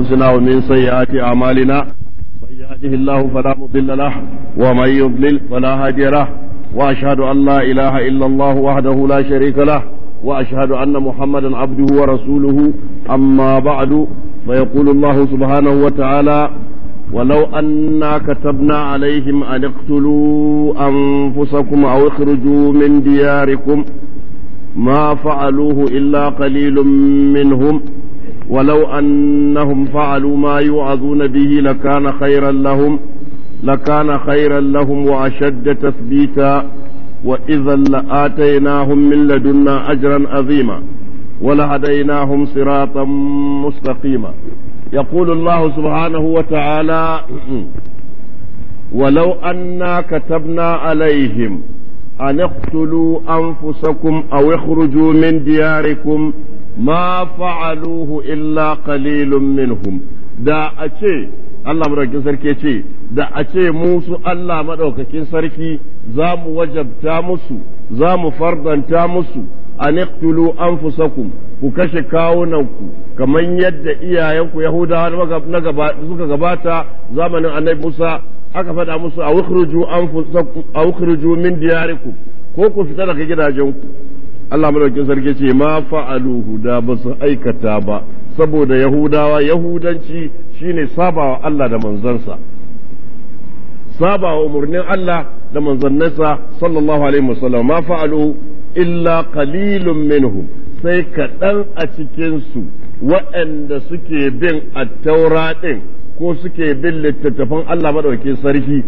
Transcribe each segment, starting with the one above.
أنفسنا ومن سيئات أعمالنا من يهده الله فلا مضل له ومن يضلل فلا هادي له وأشهد أن لا إله إلا الله وحده لا شريك له وأشهد أن محمدا عبده ورسوله أما بعد فيقول الله سبحانه وتعالى ولو أنا كتبنا عليهم أن اقتلوا أنفسكم أو اخرجوا من دياركم ما فعلوه إلا قليل منهم ولو أنهم فعلوا ما يوعظون به لكان خيرا لهم لكان خيرا لهم وأشد تثبيتا وإذا لآتيناهم من لدنا أجرا عظيما ولهديناهم صراطا مستقيما يقول الله سبحانه وتعالى ولو أنا كتبنا عليهم أن اقتلوا أنفسكم أو اخرجوا من دياركم ma fa'aluhu illa kalilun qalilun minhum da a ce Allah madaukakin sarki da a ce musu Allah maɗaukakin sarki za mu wajabta musu za mu fardanta musu an iqtulu anfusakum ku kashe kawunan ku kamar yadda iyayenku Yahudawa suka gabata zamanin Annabi Musa aka faɗa musu a wukhruju anfusakum a wukhruju min diyarikum ko ku fita daga gidajenku Allah madaukin sarki ce ma fa'aluhu da ba su aikata ba saboda yahudawa yahudanci shine sabawa Allah da manzansa sabawa umarnin Allah da manzannansa sallallahu alaihi wasallam ma fa'aluhu illa qalilun minhum sai kaɗan a cikin su waɗanda suke bin attaura ɗin ko suke bin littattafan Allah madaukin sarki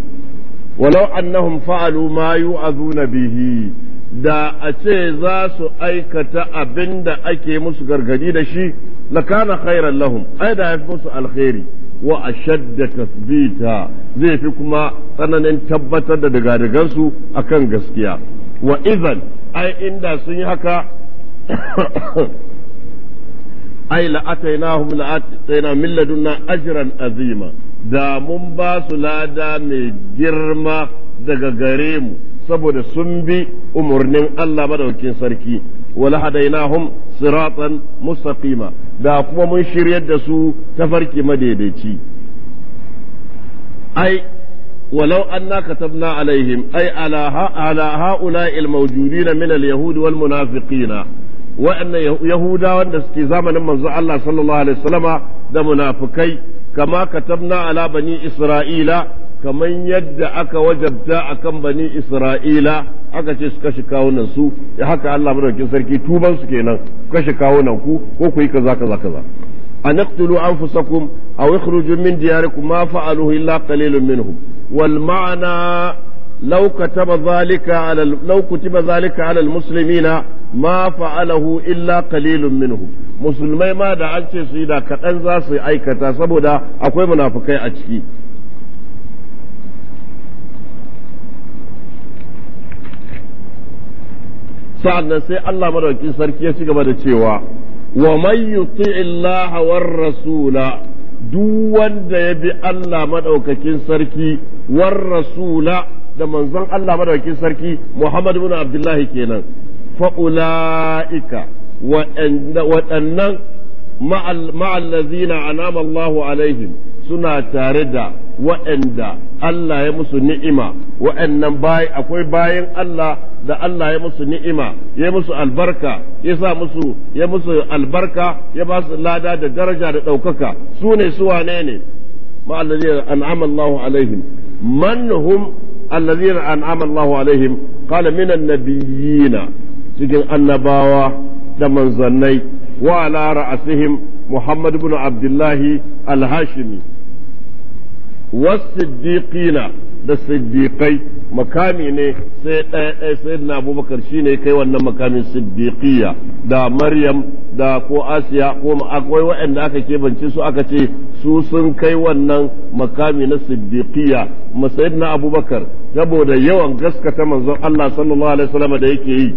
walau annahum fa'alu ma yu'azuna bihi da a ce za su aikata abin da ake musu gargadi da shi na kana khairan lahum ai da yafi musu alkhairi wa ashadda tasbita zai fi kuma tsananin tabbatar da dagadagansu akan gaskiya wa izan ai inda sun yi haka ai la'atainahum la'ataina min ladunna ajran azima da mun ba su lada mai girma daga gare mu saboda sun bi umarnin Allah madaukin sarki wala hadainahum siratan mustaqima da kuma mun shiryar da su tafarki madaidaici ai ولو أننا كتبنا عليهم أي على, على هؤلاء الموجودين من اليهود والمنافقين وأن يهودا ونسكي زمن من الله صلى الله عليه وسلم ده منافقي كما كتبنا على بني إسرائيل kamar yadda aka wajabta a kan bani isra'ila aka ce su kashe kawunan su ya haka Allah madaukin sarki tuban su kenan kashe kawunan ku ko ku yi kaza kaza kaza an iqtulu anfusakum aw ikhruju min diyarikum ma fa'aluhu illa qalilun minhum wal ma'na law kataba dhalika 'ala law kutiba dhalika 'ala ma fa'alahu illa qalilun minhum musulmai ma da an ce su da kadan za su aikata saboda akwai munafikai a ciki sa'annan sai Allah madaukakin sarki ya ci gaba da cewa wa man yuti'i Allah war rasula duk wanda ya bi Allah madaukakin sarki war rasula da manzon Allah madaukakin sarki Muhammad ibn Abdullah kenan fa ulaika waɗannan ma'allazina anama Allahu alaihim suna tare da waɗanda Allah ya musu ni'ima waɗannan bai akwai bayan Allah da Allah ya musu ni'ima ya musu albarka ya sa musu ya musu albarka ya ba su lada da daraja da ɗaukaka su ne su wane ne ma'allazina an'ama Allahu alaihim man hum allazina an'ama Allahu alaihim qala minan nabiyina cikin annabawa da manzannai wa ala ra'asihim Muhammad ibn Abdullahi al-Hashimi wasiddiqina da siddiqai makami ne sai ɗaya ɗaya sai na abubakar shine ne kai wannan makamin siddiqiya da maryam da ko asiya ko akwai waɗanda aka kebance su aka ce su sun kai wannan makami na siddiqiya na abubakar saboda yawan gaskata manzon allah sallallahu alaihi wasallam da yake yi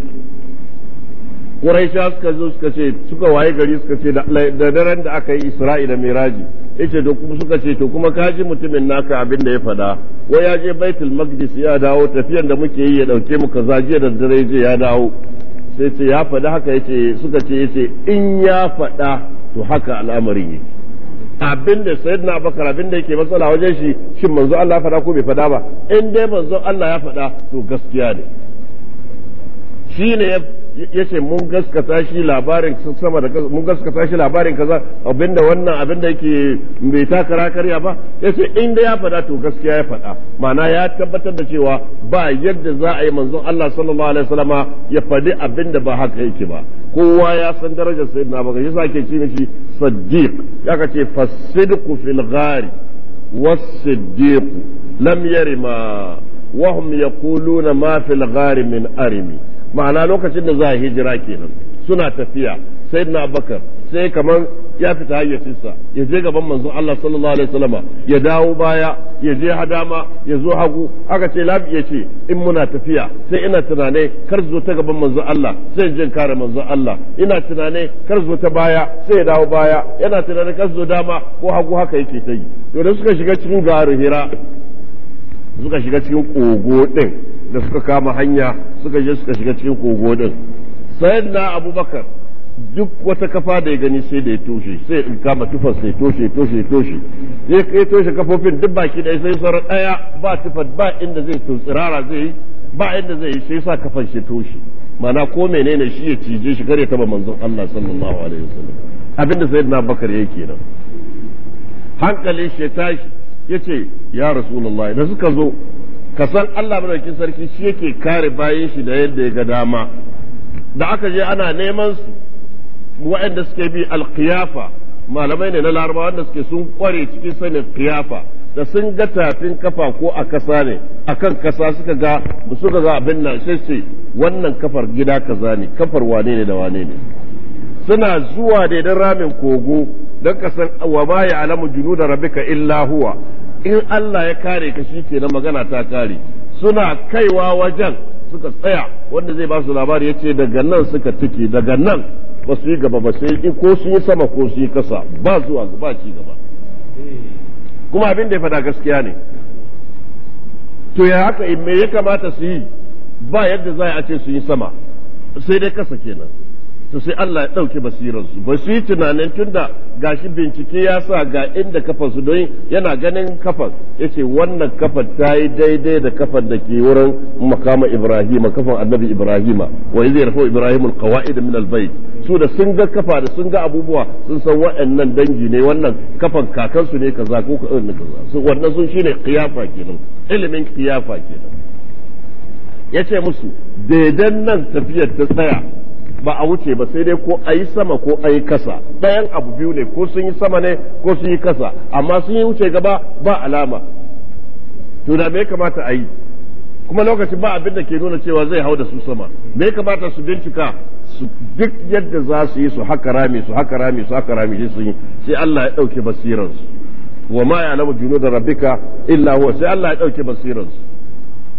Quraisha suka zo suka ce suka waye gari suka ce da daren da aka yi Isra'ila Miraji yace to kuma suka ce to kuma kaji mutumin naka abin da ya fada wai ya je baitul maqdis ya dawo tafiyar da muke yi ya dauke mu kaza jiya da dare je ya dawo sai ce ya fada haka yace suka ce yace in ya faɗa to haka al'amarin yake abin da sayyidina abakar abin da yake matsala wajen shi shin manzo Allah faɗa ko bai fada ba in dai manzo Allah ya faɗa to gaskiya ne shine yace mun gaskata shi labarin sama da mun gaskata shi labarin kaza abinda wannan abinda yake bai takara karya ba yace in da ya faɗa to gaskiya ya faɗa mana ya tabbatar da cewa ba yadda za a yi manzon Allah sallallahu alaihi wasallama ya faɗi abinda ba haka yake ba kowa ya san darajar sayyidina abubakar yasa ake ci shi saddiq yaka ce fasidqu fil ghari was-siddiq lam yarima وهم yaquluna ma fil ghari min arimi. ma'ana lokacin da za a hijira kenan suna tafiya sai na bakar sai kamar ya fita hayyacinsa ya je gaban manzon Allah sallallahu alaihi wasallama ya dawo baya ya je hadama ya zo hagu aka ce labi ya ce in muna tafiya sai ina tunane kar zo ta gaban manzon Allah sai jin kare manzon Allah ina tunane kar zo ta baya sai ya dawo baya yana tunane kar zo dama ko hagu haka yake ta yi to da suka shiga cikin garin hira suka shiga cikin kogo din da suka kama hanya suka je suka shiga cikin kogo din sayan na abubakar duk wata kafa da ya gani sai da ya toshe sai in kama tufar sai toshe toshe toshe ya kai toshe kafofin duk baki da sai sauran daya ba tufar ba inda zai tsirara zai yi ba inda zai yi sai sa kafan shi toshe mana ko menene shi ya cije shi kare taba manzon Allah sallallahu alaihi wasallam abinda sayyidina Bakar yake kenan hankalin shi ya tashi yace ya rasulullahi da suka zo ka san Allah madaukakin sarki shi yake kare bayan shi da yadda ya ga dama da aka je ana neman su waɗanda suke bi alkiyafa malamai ne na Laraba, wanda suke sun kware cikin sanin kiyafa da sun ga tafin kafa ko a kasa ne akan kasa suka ga suka ga abin nan sai wannan kafar gida kaza ne kafar wane ne da wane ne suna zuwa da ramin kogo don kasan wa baya ya alamu junu da rabika illa huwa in Allah ya kare ka shi na magana ta kare suna kaiwa wajen suka tsaya wanda zai ba su labari ce daga nan suka tuki daga nan ba su yi gaba ba sai yi ko su yi sama ko su yi kasa ba zuwa ba ci gaba kuma abin da ya faɗa gaskiya ne to ya haka me ya kamata su yi ba yadda za a ce su yi sama sai dai kasa kenan to sai Allah ya ɗauki basirarsu ba su yi tunanin tunda gashi bincike ya sa ga inda kafar su don yana ganin kafar ya ce wannan kafar ta yi daidai da kafar da ke wurin makama ibrahima kafar annabi ibrahima wa zai rafa ibrahim alqawaid min albayt su da sun ga kafa da sun ga abubuwa sun san waɗannan dangi ne wannan kafan kakansu ne kaza ko kaza wannan sun shine kiyafa kenan ilimin kiyafa kenan yace musu daidan nan tafiyar ta tsaya ba a wuce ba sai dai ko a yi sama ko a yi kasa ɗayan abu biyu ne ko sun yi sama ne ko sun yi kasa amma sun yi wuce gaba ba alama to da me kamata a yi kuma lokacin ba abin da ke nuna cewa zai hau da su sama me kamata su bincika su duk yadda za su yi su haka rami su haka rami su haka rami su yi sai Allah ya ɗauke basiransu wa ma ya lamu juno da rabbika illa huwa sai Allah ya ɗauke basiransu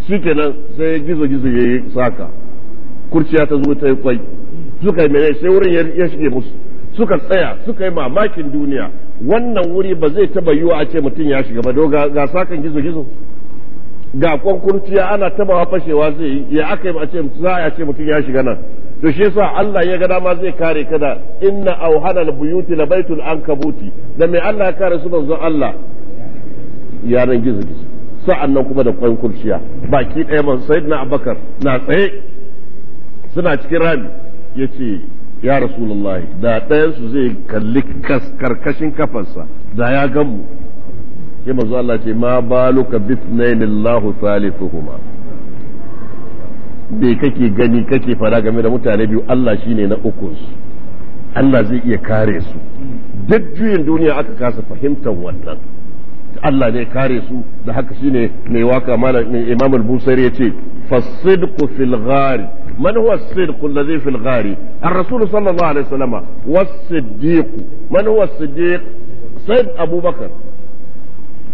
shikenan sai gizo gizo yayi saka kurciya ta zo ta yi kwai suka mene sai wurin ya shige musu suka tsaya suka yi mamakin duniya wannan wuri ba zai taba yiwa a ce mutum ya shiga ba do ga sakan gizo gizo ga kwankurciya ana taba fashewa zai yi ya aka yi a ce za a ce mutum ya shiga nan to shi yasa Allah ya ga dama zai kare ka da inna auhana albuyuti la baitul ankabuti da mai Allah ya kare su banzo Allah yaran gizo gizo nan kuma da kwankurciya baki ɗaya man sayyidina abakar na tsaye suna cikin rami ya ce ya rasulullahi da ɗayansu zai kalli karkashin kafarsa da ya gamu ya mazu Allah ce ma baluka bitnain Allahu salisuhuma bai kake gani kake fara game da mutane biyu Allah shine na uku su Allah zai iya kare su duk juyin duniya aka kasa fahimtar wannan Allah ne kare su da haka shine mai waka malam Imam al ya yace fasidku fil ghari من هو الصدق الذي في الغار الرسول صلى الله عليه وسلم والصديق من هو الصديق صد أبو بكر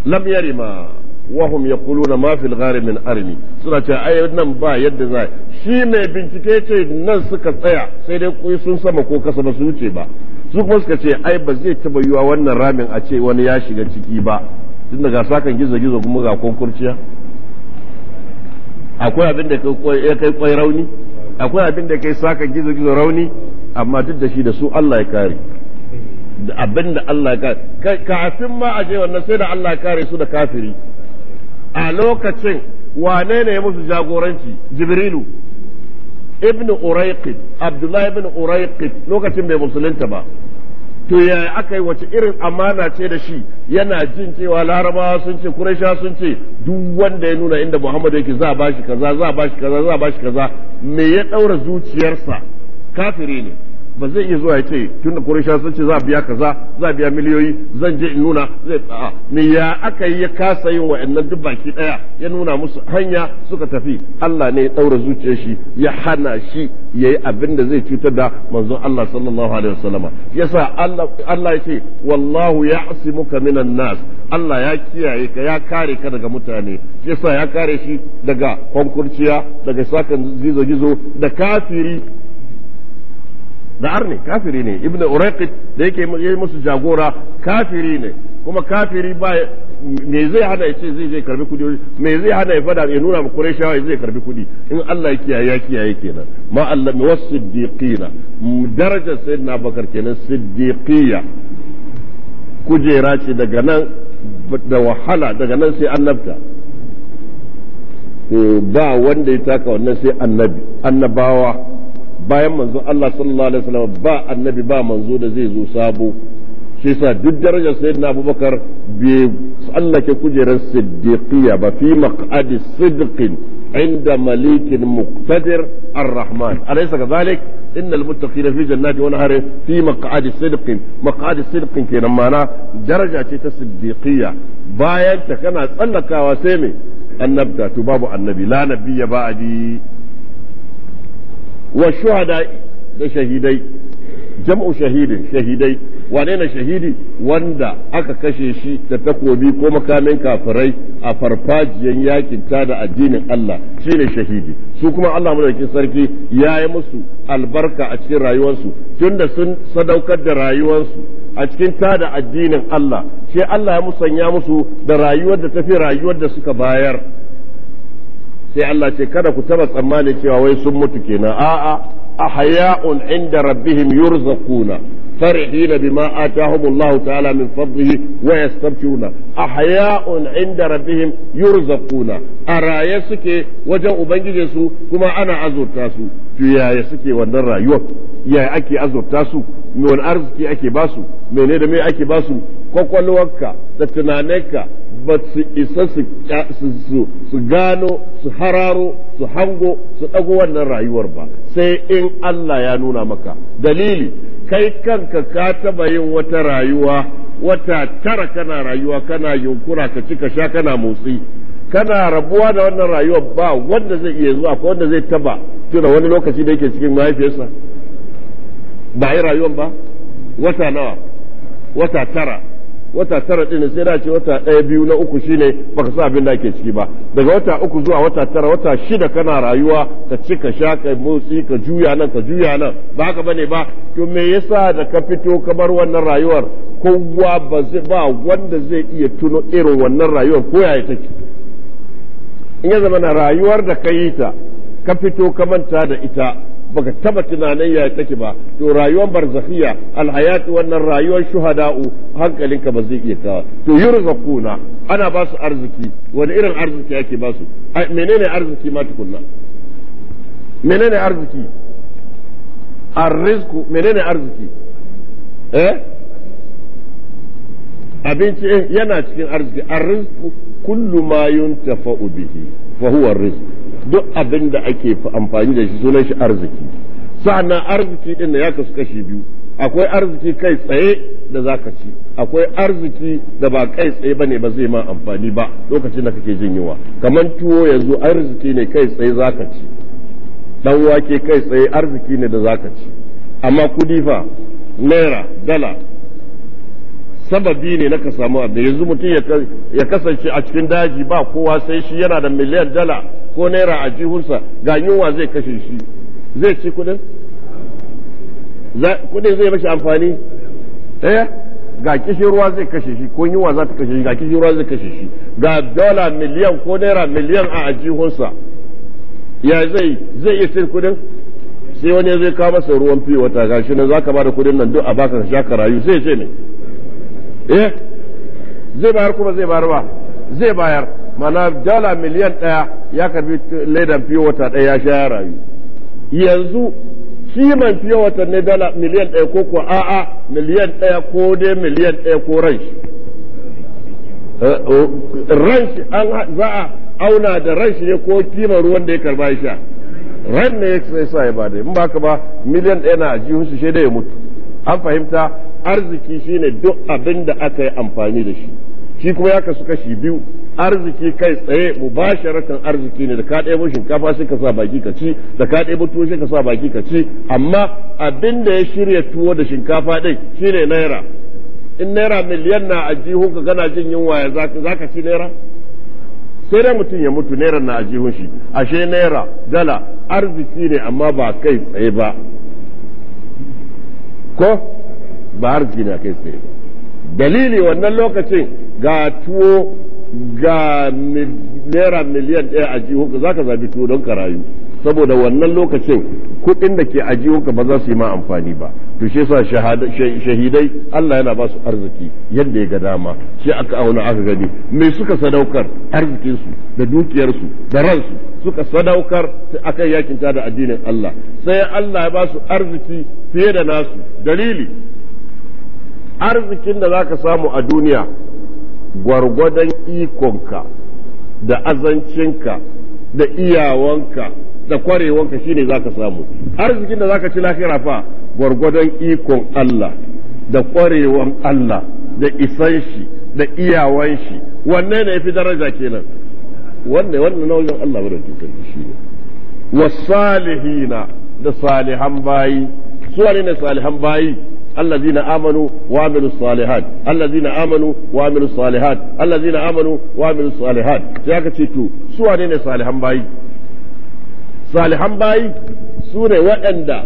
لم يرم وهم يقولون ما في الغار من أرمي سورة أي نم با يد زاي شي ما بنتكيتي نسك كتايا سيدي كوي سنسما كو كسب سوتي با سوك kuma suka ce ai ba zai taba yiwa wannan ramin a ce wani ya shiga ciki ba tunda ga sakan gizo-gizo kuma ga konkurciya akwai abin da ya kai kwai rauni akwai abin da kai saka gizo gizo rauni amma duk da shi da su Allah ya kare da abin da Allah ya kare kafin ma a je wannan sai da Allah ya kare su da kafiri a lokacin wane ne ya musu jagoranci jibrilu ibn uraiqid abdullahi ibn uraiqid lokacin bai musulunta ba to yaya aka yi wace irin amana ce da shi yana jin cewa larabawa sun ce kuraisha sun ce duk wanda ya nuna inda muhammadu yake za bashi kaza za bashi kaza za bashi kaza me ya ɗaura zuciyarsa kafiri ne ba zai iya zuwa ya ce tun da Qurayshawa sun ce za a biya kaza za a biya miliyoyi zan je in nuna zai ta'a me ya aka yi ya kasa yin wa'annan duk baki daya ya nuna musu hanya suka tafi Allah ne ya daura zuciyar shi ya hana shi yayi abin da zai cutar da manzon Allah sallallahu alaihi wasallama yasa Allah Allah yace wallahu ya'simuka minan nas Allah ya kiyaye ka ya kare ka daga mutane yasa ya kare shi daga kwankurciya daga sakan gizo gizo da kafiri da arne kafiri ne ibnu uraqit da yake yi musu jagora kafiri ne kuma kafiri ba me zai hana ya ce zai karbi kudi me zai hana ya fada ya nuna ma qurayshawa zai karbi kudi in Allah ya kiyaye ya kiyaye kenan ma Allah mi wasiddiqina darajar sayyidina bakar kenan siddiqiya kujera ce daga nan da wahala daga nan sai annabta ba wanda ya taka wannan sai annabi annabawa bayan manzo Allah sallallahu alaihi wasallam ba annabi ba manzo da zai zo sabo shi yasa duk darajar sayyidina Abubakar bai tsallake kujerar siddiqiyya ba fi maq'adi sidqin inda malikin muqtadir ar-rahman alaysa kadhalik إن المتقين في جنات ونهر في مقعد صدق مقعد صدق كنا معنا درجة تصديقية باين تكنا تسلك وسيمي النبتة باب النبي لا نبي wa shuhada da shahidai jam'u shahidin shahidai wane na shahidi wanda aka kashe shi da takobi ko makamin kafirai a farfajiyan yakin ta da addinin Allah shine shahidi su kuma Allah madaukakin sarki ya yi musu albarka a cikin rayuwarsu tunda sun sadaukar da rayuwarsu a cikin ta da addinin Allah sai Allah ya musanya musu da rayuwar da tafi rayuwar da suka bayar sai Allah ce kada ku taba tsammanin cewa wai sun mutu kenan a'a ahya'un inda rabbihim yurzakuna farihina bima atahum Allah ta'ala min fadlihi wa yastabshiruna ahya'un inda rabbihim yurzakuna araye suke wajen ubangijin su kuma ana azurta su to yaya suke wannan rayuwa yaya ake azurta su wani arziki ake basu menene da me ake basu kwakwalwarka da tunaninka ba su isa su gano su hararo su hango su ɗago wannan rayuwar ba sai in Allah ya nuna maka dalili kai kanka ka taba yin wata rayuwa wata tara kana rayuwa kana yunkura ka cika sha kana motsi kana rabuwa da wannan rayuwar ba wanda zai iya zuwa ko wanda zai taba tuna wani lokaci da yake cikin mahaifiyarsa ba yi rayuwar ba wata nawa wata tara wata tara ɗin sai da ce wata ɗaya biyu na uku shine baka sa abin da ake ciki ba daga wata uku zuwa wata tara wata shida kana rayuwa ka ci ka sha ka motsi ka juya nan ka juya nan ba haka bane ba to me yasa da ka fito ka bar wannan rayuwar kowa ba ba wanda zai iya tuno irin wannan rayuwar ko yaya take in ya zama na rayuwar da ka yi ta ka fito ka manta da ita baka taba tunanin ya take ba to rayuwar barzafiya alhayat wannan rayuwar shuhada'u hankalinka ba zai iya kawa to yurzakuna ana ba su arziki wani irin arziki yake ba su menene arziki ma tukunna menene arziki arrizku menene arziki eh abinci eh, yana cikin arziki arrizku kullu ma yuntafa bihi fa huwa arrizku duk abin da ake amfani da shi sunan shi arziki sa'annan arziki din da ya kasu kashi biyu akwai arziki kai tsaye da zaka ci akwai arziki da ba kai tsaye bane ba zai ma amfani ba lokacin da kake jin yunwa kamar tuwo yanzu arziki ne kai tsaye zaka ci dan wake kai tsaye arziki ne da zaka ci amma kudi fa naira dala sababi ne na ka samu abin yanzu mutum ya kasance a cikin daji ba kowa sai shi yana da miliyan dala ko naira a jihunsa ga yunwa zai kashe shi zai ci kudin kudin zai mashi amfani ɗaya eh, ga kishin ruwa zai kashe shi ko yunwa za ta kashe shi ga kishin ruwa zai kashe shi ga dola miliyan ko naira miliyan a ajihunsa ya zai zai iya cin kudin sai wani zai kawo masa ruwan fiye wata shi nan za ka ba da kudin nan duk a baka ka sha ka rayu sai ce ne eh zai bayar kuma zai bayar ba zai bayar mana dala miliyan ɗaya ya karbi ledan fiye wata ɗaya ya sha rayu yanzu kiman fiye wata ne dala miliyan ɗaya ko ko a'a miliyan ɗaya ko dai miliyan ɗaya ko ran shi eh, oh, ran shi an za a auna da ran shi ne ko kiman ruwan da ya karba ya sha ran ne ya sa ya bada in ba ka ba miliyan ɗaya na ajihun su shaida ya mutu an fahimta arziki shine duk abinda aka yi amfani da shi shi kuma ya kasu kashi biyu arziki kai tsaye mubasharatan arziki ne da ka ɗebo shinkafa sai ka sa baki ka ci da ka ɗebo tuwo sai ka sa baki ka ci amma abin da ya shirya tuwo da shinkafa ɗin shine naira in naira miliyan na a jihun ka gana jin yunwa ya za ka ci naira sai dai mutum ya mutu naira na a jihun shi ashe naira dala arziki ne amma ba kai tsaye ba ko ba arziki ne kai tsaye ba dalili wannan lokacin ga tuwo ga naira miliyan ɗaya a jihunka za ka zabi tuwo don ka rayu saboda wannan lokacin kuɗin da ke a jihunka ba za su yi ma amfani ba to shi yasa shahidai Allah yana ba su arziki yadda ya ga dama shi aka auna aka gani me suka sadaukar arzikinsu da dukiyarsu da ransu suka sadaukar akan yakin da addinin Allah sai Allah ya ba su arziki fiye da nasu dalili arzikin da zaka samu a duniya gwargwadon ikonka da azancinka da iyawanka da kwarewanka shine ka samu arzikin da zaka ci lafiya fa gwargwadon ikon Allah da kwarewan Allah da isan shi da iyawan shi wanne ne yafi daraja kenan wanne wannan nauyin Allah bada tutar shi ne wasalihina da salihan bayi su ne salihan bayi الذين آمنوا وعملوا الصالحات الذين آمنوا وعملوا الصالحات الذين آمنوا وعملوا الصالحات ذاك تشتو سوى نين صالحان باي صالحان باي سورة وأندا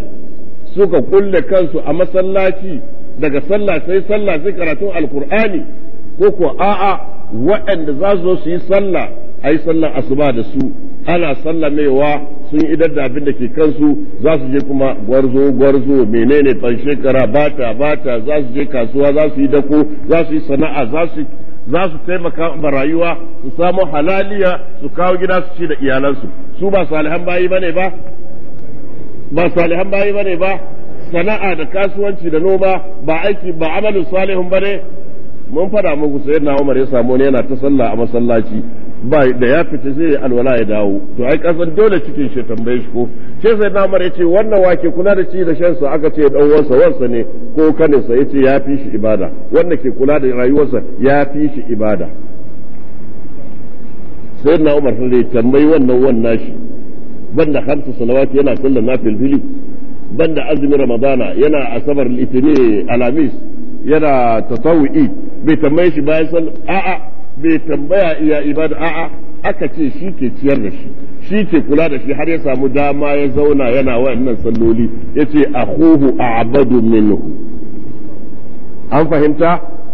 سوك كل كنسو أما صلاتي daga sallah sai sallah sai karatun alkur'ani ko ko a'a waɗanda za su zo su yi sallah a yi sallar asuba da ana sallamewa sun idar da abin da ke kansu za su je kuma gwarzo gwarzo menene ɗan shekara bata bata za su je kasuwa za su yi dako za su yi sana'a za su za su taimaka ma rayuwa su samu halaliya su kawo gida su ci da iyalansu su ba salihan bayi bane ba ba salihan bayi bane ba sana'a da kasuwanci da noma ba aiki ba amalin salihun bane mun fada muku sayyidina Umar ya samu ne yana ta sallah a masallaci ba da ya fita zai yi alwala ya dawo to ai kasan dole cikin shi tambaye shi ko sai sai namar yace wannan wake kula da shi da shan sa aka ce dan wansa wansa ne ko kanin sa yace ya fi shi ibada wannan ke kula da rayuwarsa ya fi shi ibada sai na Umar sai tambayi wannan wannan shi banda khamsu salawati yana sallan nafil fili banda azumin ramadana yana asabar litini alamis yana tasawu'i bai tambaye shi bayan sallar a'a bai tambaya iya ibada a'a aka ce shi ke ciyar da shi shi ke kula da shi har ya samu dama ya zauna yana wayannan salloli ya ce a yace a a'badu minhu an fahimta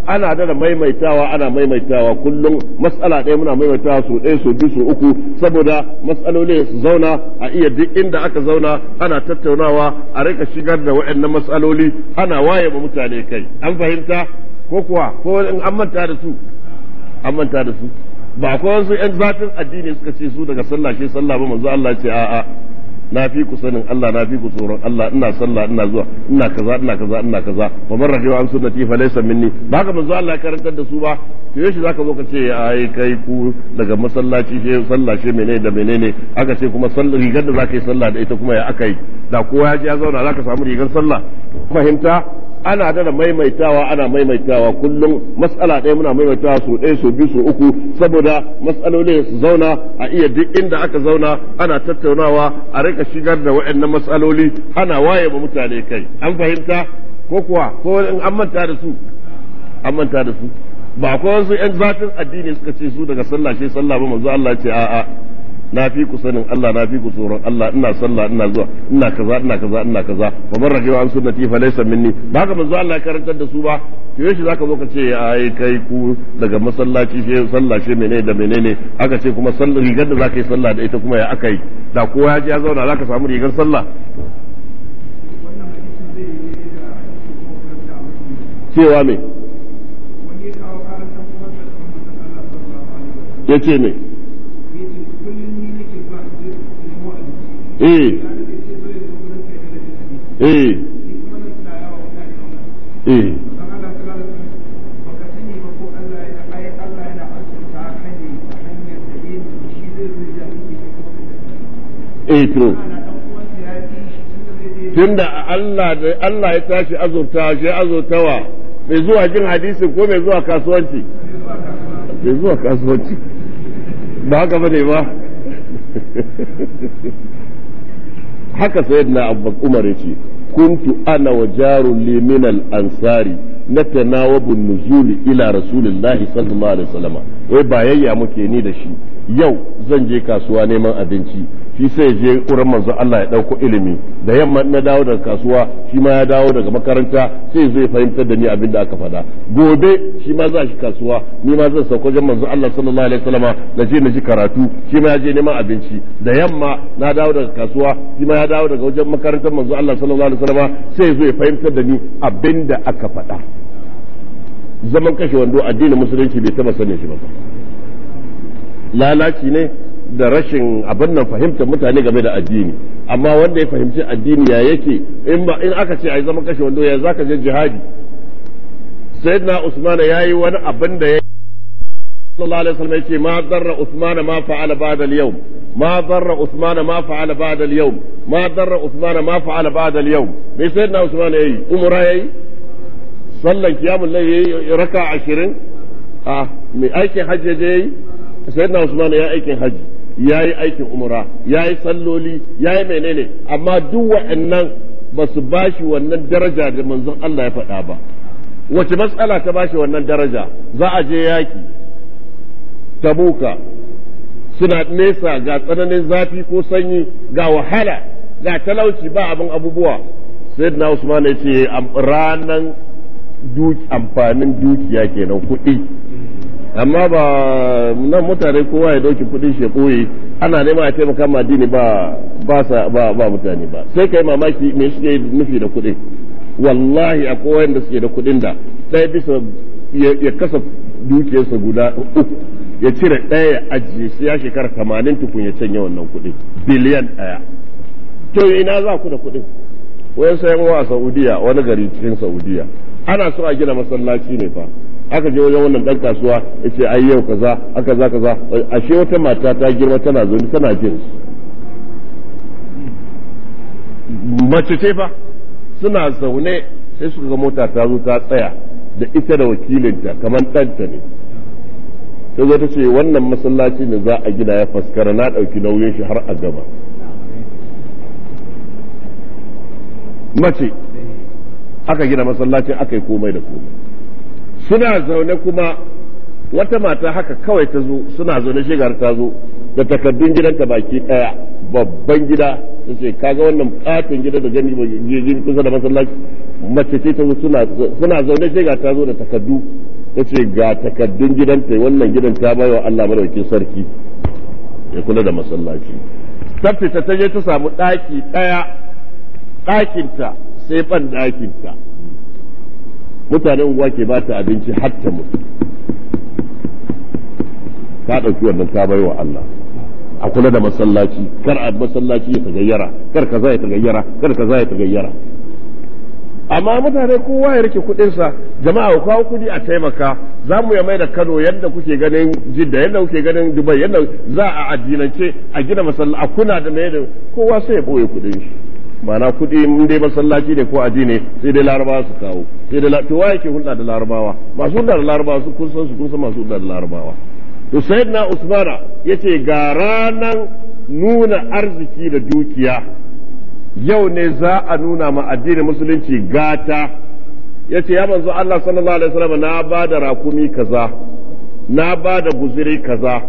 ana da maimaitawa ana maimaitawa kullum matsala ɗaya muna maimaitawa su ɗaya su biyu su uku saboda matsaloli su zauna a iya duk inda aka zauna ana tattaunawa a rika shigar da wa'annan matsaloli ana waye wa mutane kai an fahimta ko kuwa ko in an manta da su an manta da su ba akwai wasu yan zafin addini suka ce su daga sallah ke sallah ba manzo Allah ce a'a na fi ku sanin Allah na fi ku tsoron Allah ina sallah ina zuwa ina kaza ina kaza ina kaza wa man radiya an sunnati fa laysa minni ba ka manzo Allah ya karantar da su ba to yashi zaka zo ka ce ai kai ku daga masallaci ke sallah she menene da menene aka ce kuma sallah rigar da zaka yi sallah da ita kuma ya aka yi da kowa ya ji ya zauna zaka samu rigar sallah fahimta ana da maimaitawa ana maimaitawa kullum matsala ɗaya muna maimaitawa su ɗaya su biyu su uku saboda matsalolin su zauna a iya duk inda aka zauna ana tattaunawa a rika shigar da waɗannan matsaloli ana waye ba mutane kai an fahimta ko kuwa ko in an manta da su an manta da su ba ko wasu 'yan zatin addini suka ce su daga sallah sai sallah ba manzo Allah ce a'a na fi ku sanin Allah na fi ku tsoron Allah ina sallah ina zuwa ina kaza ina kaza ina kaza fa man rajiwa an sunnati fa laysa minni ba ka manzo Allah ya karantar da su ba to yashi zaka zo ka ce ai kai ku daga masallaci she sallah she menene da menene aka ce kuma sallah rigar da zaka yi sallah da ita kuma ya aka yi da kowa ya ji ya zauna zaka samu rigar sallah cewa me ya ce me eh eh eh, eh tunda Allah da Allah ya tashi azurta shi azurtawa mai zuwa jin hadisi ko mai zuwa kasuwanci mai zuwa kasuwanci ba haka bane ba haka sayyidina abubakar umar ce kuntu ana wa jarun liminal min al ansari natanawabu nuzul ila rasulillahi sallallahu alaihi wasallam wai bayayya muke ni da shi yau zan je kasuwa neman abinci shi sai je wurin manzon Allah ya dauko ilimi da yamma na dawo daga kasuwa shi ma ya dawo daga makaranta sai zai fahimtar da ni abin da aka faɗa gobe shi ma za shi kasuwa ni ma zan sauko jan manzon Allah sallallahu alaihi wasallama na je na ji karatu shi ma ya je neman abinci da yamma na dawo daga kasuwa shi ma ya dawo daga wajen makarantar manzon Allah sallallahu alaihi wasallama sai zai fahimtar da ni abin da aka faɗa zaman kashe wando addinin musulunci bai taba sanin shi ba lalaci ne da rashin abin nan fahimtar mutane game da addini amma wanda ya fahimci addini ya yake in ba in aka ce a yi zama kashe wando ya zaka je jihadi sayyidina usman ya yi wani abin da ya yi. sallallahu alaihi wasallam yace ma darra usman ma fa'ala ba'da al-yawm ما ضر عثمان ما فعل بعد اليوم ما ضر عثمان ما فعل بعد اليوم bai sayyidina usman yayi umra yayi sallan kiyamul layl raka 20 a me aikin hajji yayi sayyidina usman ya aikin hajji yayi aikin umra yayi salloli yayi menene amma duk wa'annan ba su ba shi wannan daraja da manzon Allah ya faɗa ba wace matsala ta ba shi wannan daraja za a je yaki tabuka suna nesa ga tsananin zafi ko sanyi ga wahala ga talauci ba abin abubuwa na usman ya ce ranan amfanin dukiya kenan kuɗi amma ba nan mutane kowa ya dauki kudin shi koyi ana nema a taimaka ma dini ba ba sa ba ba mutane ba sai kai mamaki me yake nufi da kudin wallahi a wanda suke da kudin da ɗaya bisa ya kasa dukiyarsa guda uku ya cire ɗaya ya ajiye shi ya shekara tamanin tukun ya wannan kuɗi biliyan ɗaya to ina za ku da kuɗin wayan sayan wa a saudiya wani gari cikin saudiya ana so a gina masallaci ne fa aka je wajen wannan dan kasuwa yace ai yau kaza aka za kaza ashe wata mata ta girma tana zo tana jin mace ce fa suna zaune sai suka ga mota ta zo ta tsaya da ita da wakilinta kamar ɗanta ne ta zo ta ce wannan masallaci ne za a gina ya faskara na ɗauki nauyin shi har a gaba mace aka gina masallacin aka yi komai da komai suna zaune kuma wata mata haka kawai ta zo suna zaune shigar ta zo da takardun gidanta baki daya babban gida ta ce kaga wannan katon gida da gani gijin kusa da masallaci mace ce ta zo suna zaune shigar ta zo da takardu ta ce ga takardun gidanta wannan gidan ta bayo Allah madaukakin sarki ya kula da masallaci ta fita ta je ta samu ɗaki ɗaya ɗakinta sai ban ɗakinta mutanen unguwa ke ba ta abinci har ta mutu ka ɗauki wannan ka bai wa Allah a kula da masallaci kar a masallaci ya tagayyara kar kaza ya tagayyara kar kaza ya tagayyara amma mutane kowa ya rike kuɗinsa jama'a ku kawo kuɗi a taimaka za mu ya mai da Kano yadda kuke ganin Jidda yadda kuke ganin Dubai yadda za a addinance a gina masallaci a kuna da mai da kowa sai ya ɓoye kuɗin shi na kuɗi in dai masallaci ne ko aji ne sai dai larabawa su kawo sai dai to waye ke hulɗa da larabawa masu hulɗa da larabawa su kun san su kun san masu hulɗa da larabawa to sayyidina usmana yace ga ranan nuna arziki da dukiya yau ne za a nuna ma addinin musulunci gata yace ya manzo Allah sallallahu alaihi wasallam na ba da rakumi kaza na ba da guzuri kaza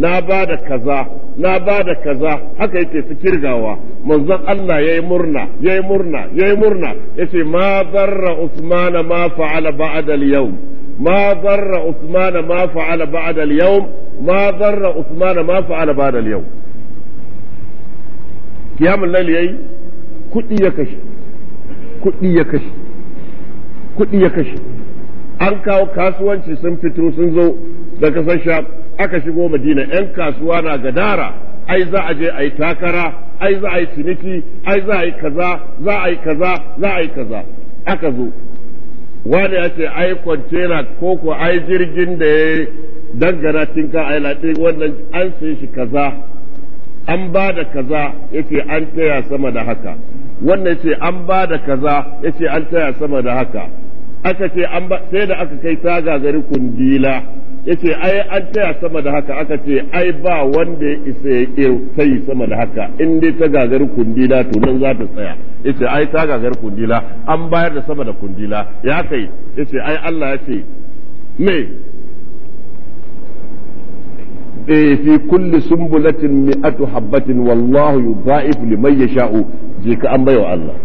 na ba da kaza na ba da kaza haka yake su kirgawa manzon Allah ya yi murna ya yi murna ya yi murna Ya ce ma barra Usman ma fa'ala ba'adal al-yawm ma barra Usman ma fa'ala ba'adal al-yawm ma barra Usman ma fa'ala ba'adal al-yawm kiyamul layl yayi kudi ya kashe, kudi ya kashe, kudi ya kashe. an kawo kasuwanci sun fito sun zo da kasar sham aka shigo madina yan kasuwa na gadara ai za a je a yi takara ai za a yi ciniki ai za a yi kaza za a yi kaza za a yi kaza aka zo wani ya ce ai kwantena ko ko ai jirgin da ya dangana tinka ai laɗe wannan an sai shi kaza an ba da kaza yace an taya sama da haka wannan ce an ba da kaza yace an taya sama da haka aka ce an ba sai da aka kai taga gari kundila yace ai an taya sama da haka aka ce ai ba wanda ya isa ya sai sama da haka in dai ta gagar kundila to nan za ta tsaya yace ai ta gagar kundila an bayar da sama da kundila ya kai yace ai Allah ya ce me eh, fi kulli sumbulatin mi'atu habbatin wallahu yudha'ifu liman yasha'u je ka an baiwa Allah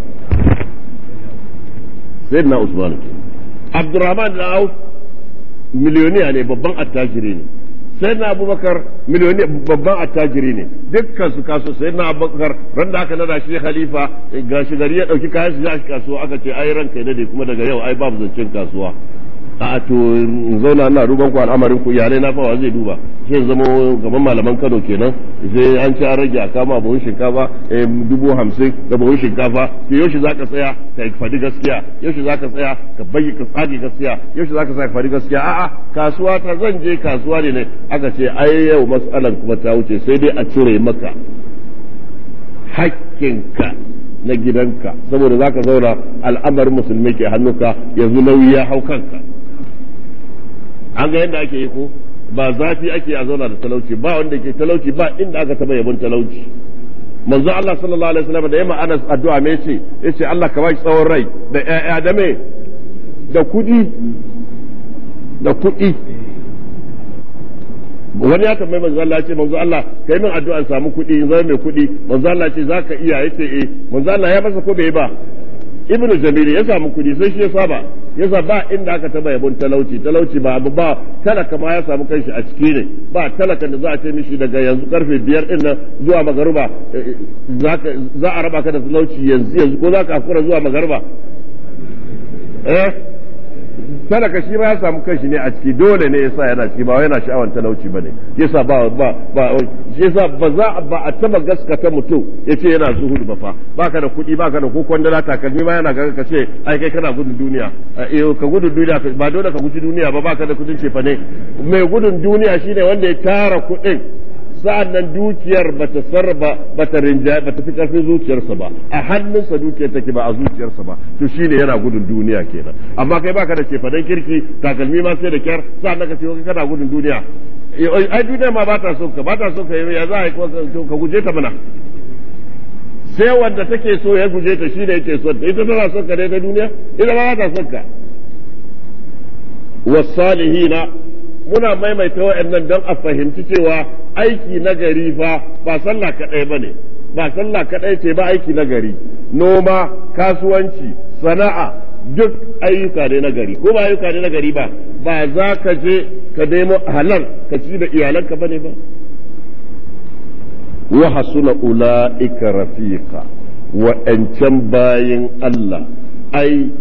sayyidina Usman Abdurrahman bin miliyoniya ne babban attajiri ne sai na abubakar miliyoniya babban attajiri ne dukkan su kaso sai na abubakar ran da aka nada shi khalifa gashi gari ya dauki kayan su ya kasuwa aka ce ai kai ne kuma daga yau ai babu zancen kasuwa a to zauna ina ruban ku al'amarin ku iyalai na fawa zai duba sai zama gaban malaman Kano kenan sai an ci an rage a kama buhun shinkafa eh, dubu hamsin ga buhun shinkafa to yaushe zaka tsaya ka faɗi gaskiya yaushe zaka tsaya ka bayyi ka tsage gaskiya yaushe zaka tsaya ka faɗi gaskiya a'a kasuwa ta zan je kasuwa ne ne aka ce ai yau matsalan kuma ta wuce sai dai a cire maka hakkinka na gidanka saboda zaka zauna al'amarin musulmi ke hannunka yanzu nauyi ya hau kanka an ga yadda ake yi ko ba zafi ake a zauna da talauci ba wanda ke talauci ba inda aka taba yabon talauci manzo Allah sallallahu alaihi wasallam da yamma Anas addu'a me yace yace Allah ka bashi tsawon rai da ƴaƴa da me da kudi da kudi wani ya tambayi manzo Allah ce manzo Allah kai min addu'a samu kudi zai mai kudi manzo Allah ce zaka iya yace eh manzo Allah ya masa ko bai ba ibnu jamil ya samu kudi sai shi ya saba yasa ba inda aka taba yabon talauci talauci ba abu ba talaka ma ya samu kanshi a ciki ne ba talaka da za a ce mishi daga yanzu karfe biyar din nan zuwa magaruba eh, eh, za a raba ka da talauci yanzu yanzu ko za ka hakura zuwa magaruba eh talaka shi ma ya samu kanshi ne a ciki dole ne yasa yana ciki ba yana sha'awan talauci bane yasa ba ba ba yasa ba za ba a taba gaskata mutum yace yana zuhud ba fa baka da kuɗi baka da kokon dala takalmi ma yana ganka kace ai kai kana gudun duniya eh ka gudun duniya ba dole ka guji duniya ba baka da kudin fa ne mai gudun duniya shine wanda ya tara kuɗin sa'an nan dukiyar bata sarba bata rinja bata fi karfin zuciyarsa ba a hannunsa dukiyar take ba a zuciyarsa ba to shine yana gudun duniya kenan amma kai baka da cefanen kirki takalmi ma sai da kyar sa'an nan ka ce kana gudun duniya eh, ai duniya ma ba ta so ka ba ta so ka ya za a yi ka guje ta mana sai wanda take so ya guje ta shi ne yake so ta ita tana son ka ne ta duniya ita ba ta son ka wasalihina muna maimaita wa'annan don a fahimci cewa aiki na gari fa ba sallah kaɗai ba ne ba sallah kaɗai ce ba aiki na gari noma kasuwanci sana'a duk ayyuka ne na gari ko ba ayyuka ne na gari ba ba za ka je ka nemo halal ka ci da iyalanka ba ne ba wa hasuna ula'ika rafiqa wa'ancan bayin Allah ai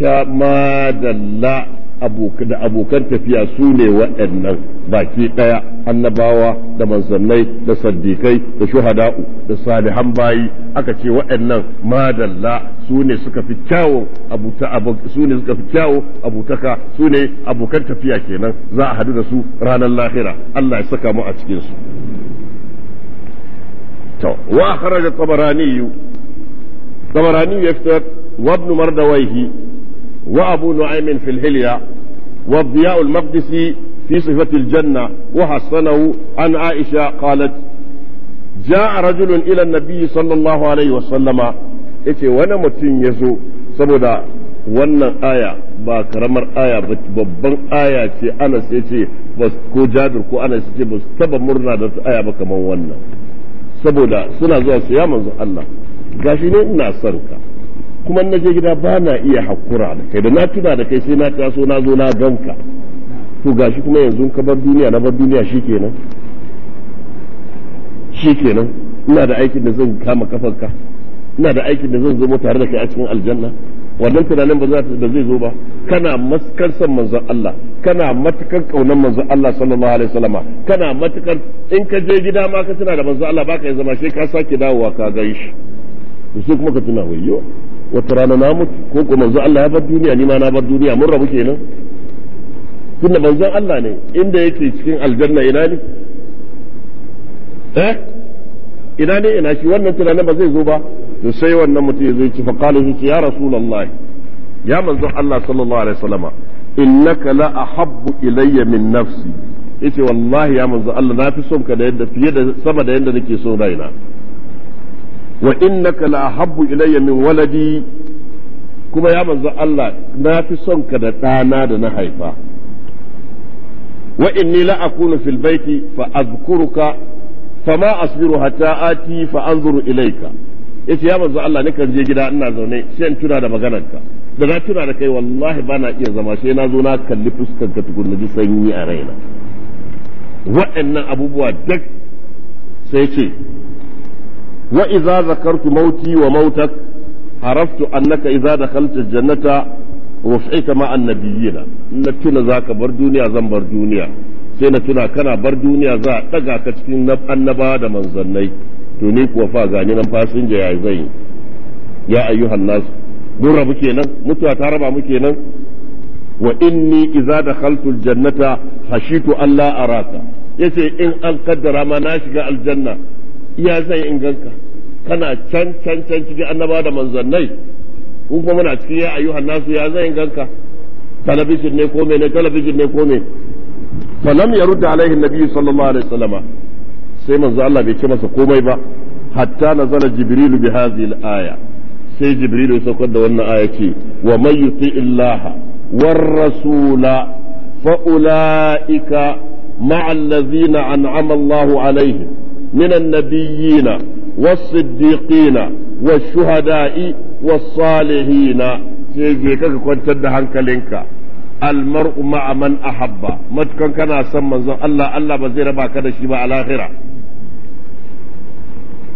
kama madalla da abokan tafiya su ne waɗannan baki ɗaya annabawa da manzannai da saddikai da shuhada'u da salihan bayi aka ce waɗannan madalla su ne suka fi kyawun su ne suka fi abutaka su ne abokan tafiya kenan za a hadu da su ranar lahira Allah ya saka mu a cikinsu. su to wa kharaja tabarani tabarani ya fitar wa ibn mardawaihi وأبو نعيم في الحلية والضياء المقدسي في an aisha وحسنه عن a قالت جاء رجل إلى النبي صلى الله عليه وسلم yace wani mutum ya zo saboda wannan aya ba karamar aya ba babban aya ce anas ya ce ko jabir ko anas ya ce ba su taba murna da aya ba kamar wannan saboda suna zuwa su ya Allah gashi ina son ka kuma na je gida ba na iya hakura da kai da na tuna da kai sai na taso na zo na ganka to gashi kuma yanzu ka bar duniya na bar duniya shikenan shikenan ina da aikin da zan kama ka ina da aikin da zan zo tare da kai a cikin aljanna wannan tunanin ba za da zai zo ba kana maskar san manzon Allah kana matakan kaunar manzon Allah sallallahu alaihi wasallama kana matakan in ka je gida ma ka tuna da manzon Allah baka ya zama sai ka sake dawowa ka gaishe shi to sai kuma ka tuna wayyo wata rana na mutu ko ko manzo Allah ya bar duniya ni ma na bar duniya mun rabu kenan tunda manzon Allah ne inda yake cikin aljanna ina ne eh ina ne ina shi wannan tunanin ba zai zo ba to sai wannan mutum ya zo ya ce fa qala ya rasulullahi ya manzon Allah sallallahu alaihi wasallama innaka la ahabbu ilayya min nafsi yace wallahi ya manzo Allah na fi son ka da yadda fiye da sama da yadda nake son raina wa innaka la habbu ilayya min waladi kuma ya manzo Allah na fi son ka da ɗana da na haifa wa inni la akunu fil baiti fa azkuruka fama asbiru hatta ati fa anzuru ilayka yace ya manzo Allah ne kan je gida ina zaune sai in tuna da maganarka da na tuna da kai wallahi ba na iya zama sai na zo na kalli fuskar ka tukunna ji sanyi a raina wa'annan abubuwa duk sai ce wa idza zakartu mauti wa mautak haraftu annaka idza dakhalta jannata waf'ika ma annabiyina na tuna zaka bar duniya zan bar duniya sai na tuna kana bar duniya za a ɗaga ka cikin annaba da manzannai to ni kuwa fa gani nan fasinja ya zai ya ayyuhan nas mun rabu kenan mutuwa ta raba mu kenan wa inni idza dakhaltu aljannata khashitu an la araka yace in an kadda rama na shiga aljanna iya zai in ganka kana can can can cikin annaba da manzannai kun kuma muna cikin ya ayyuhan nasu ya zai in ganka talabijin ne ko ne talabijin ne ko me falam yarud alaihi nabi sallallahu alaihi wasallama sai manzo Allah bai ce masa komai ba hatta nazala jibril bi hadhihi al-aya sai jibril ya saukar da wannan aya ce wa may yuti illaha war rasula fa ulaika ma'a allazina an'ama Allahu alaihim من النبيين والصديقين والشهداء والصالحين sai kaka kwantar da hankalinka almar'u ma'a man ahabba matukan kana son manzon Allah Allah ba zai raba ka da shi ba a lahira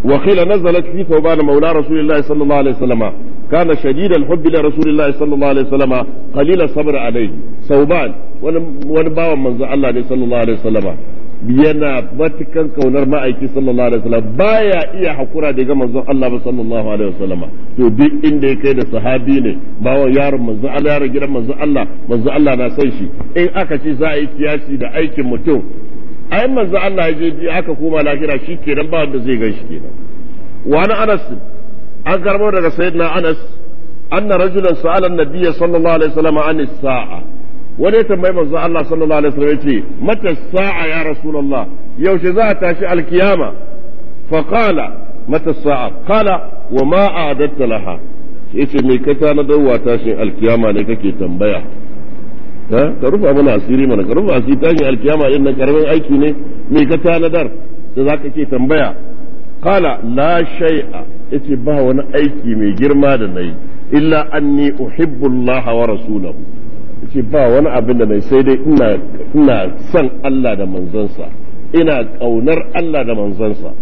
وقيل نزلت في ثوبان مولى رسول الله صلى الله عليه وسلم كان شديد الحب لرسول الله صلى الله عليه وسلم قليل الصبر عليه ثوبان ونباوى من الله صلى الله عليه وسلم yana matukan kaunar ma'aiki sallallahu alaihi wasallam baya iya hakura da ga manzon Allah ba sallallahu alaihi wasallama to duk inda ya kai da sahabi ne bawan yaron manzon Allah yaron gidan manzon Allah manzon Allah na son shi in aka ce za a yi kiyasi da aikin mutum ai manzon Allah ya je aka koma lahira shi kenan ba wanda zai gan shi kenan wani Anas an garbo daga sayyidina Anas anna rajulan sa'ala an-nabiyya sallallahu alaihi wasallama an as-sa'a wani ya tambayi manzo Allah sallallahu alaihi wasallam yace mata sa'a ya rasulullah yaushe za a tashi alkiyama fa qala mata sa'a qala wa ma a'adatta laha yace me ka tana wa tashin alkiyama ne kake tambaya ka rufa mana asiri mana ka rufa asiri tashin alkiyama din nan karamin aiki ne me ka tanadar da zaka ke tambaya qala la shay'a yace ba wani aiki mai girma da nayi illa anni uhibbu Allah wa rasulahu yace ba wani abin da mai sai dai ina ina son Allah da manzonsa ina ƙaunar Allah da manzonsa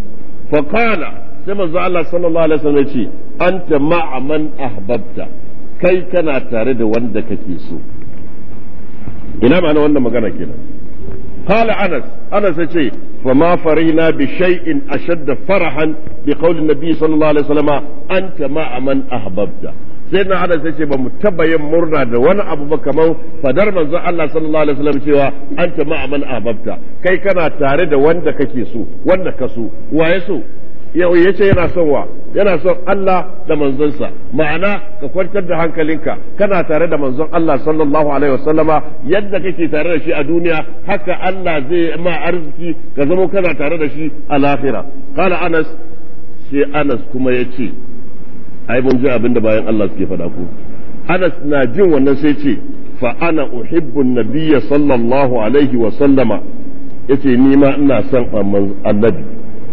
fa qala sai manzo Allah sallallahu alaihi wasallam yace anta ma'a man ahbabta kai kana tare da wanda kake so ina ma'ana wannan magana kenan qala anas anas yace فما فرحنا بشيء أشد فرحا بقول النبي صلى الله عليه وسلم أنت مع من أحببت sai na anas ya ce ba mu taba yin murna da wani abu ba kamar fadar manzo Allah sallallahu alaihi wasallam cewa anta ma aman ababta kai kana tare da wanda kake so wanda ka so waye so yau ya ce yana son wa yana son Allah da manzonsa ma'ana ka kwantar da hankalinka kana tare da manzon Allah sallallahu alaihi wasallama yadda kake tare da shi a duniya haka Allah zai ma arziki ka zama kana tare da shi a lahira qala anas sai anas kuma yace ai mun ji abin da bayan Allah suke faɗa ko Anas na jin wannan sai ce fa ana uhibbu nabiyya sallallahu alaihi wa sallama yace ni ma ina son annabi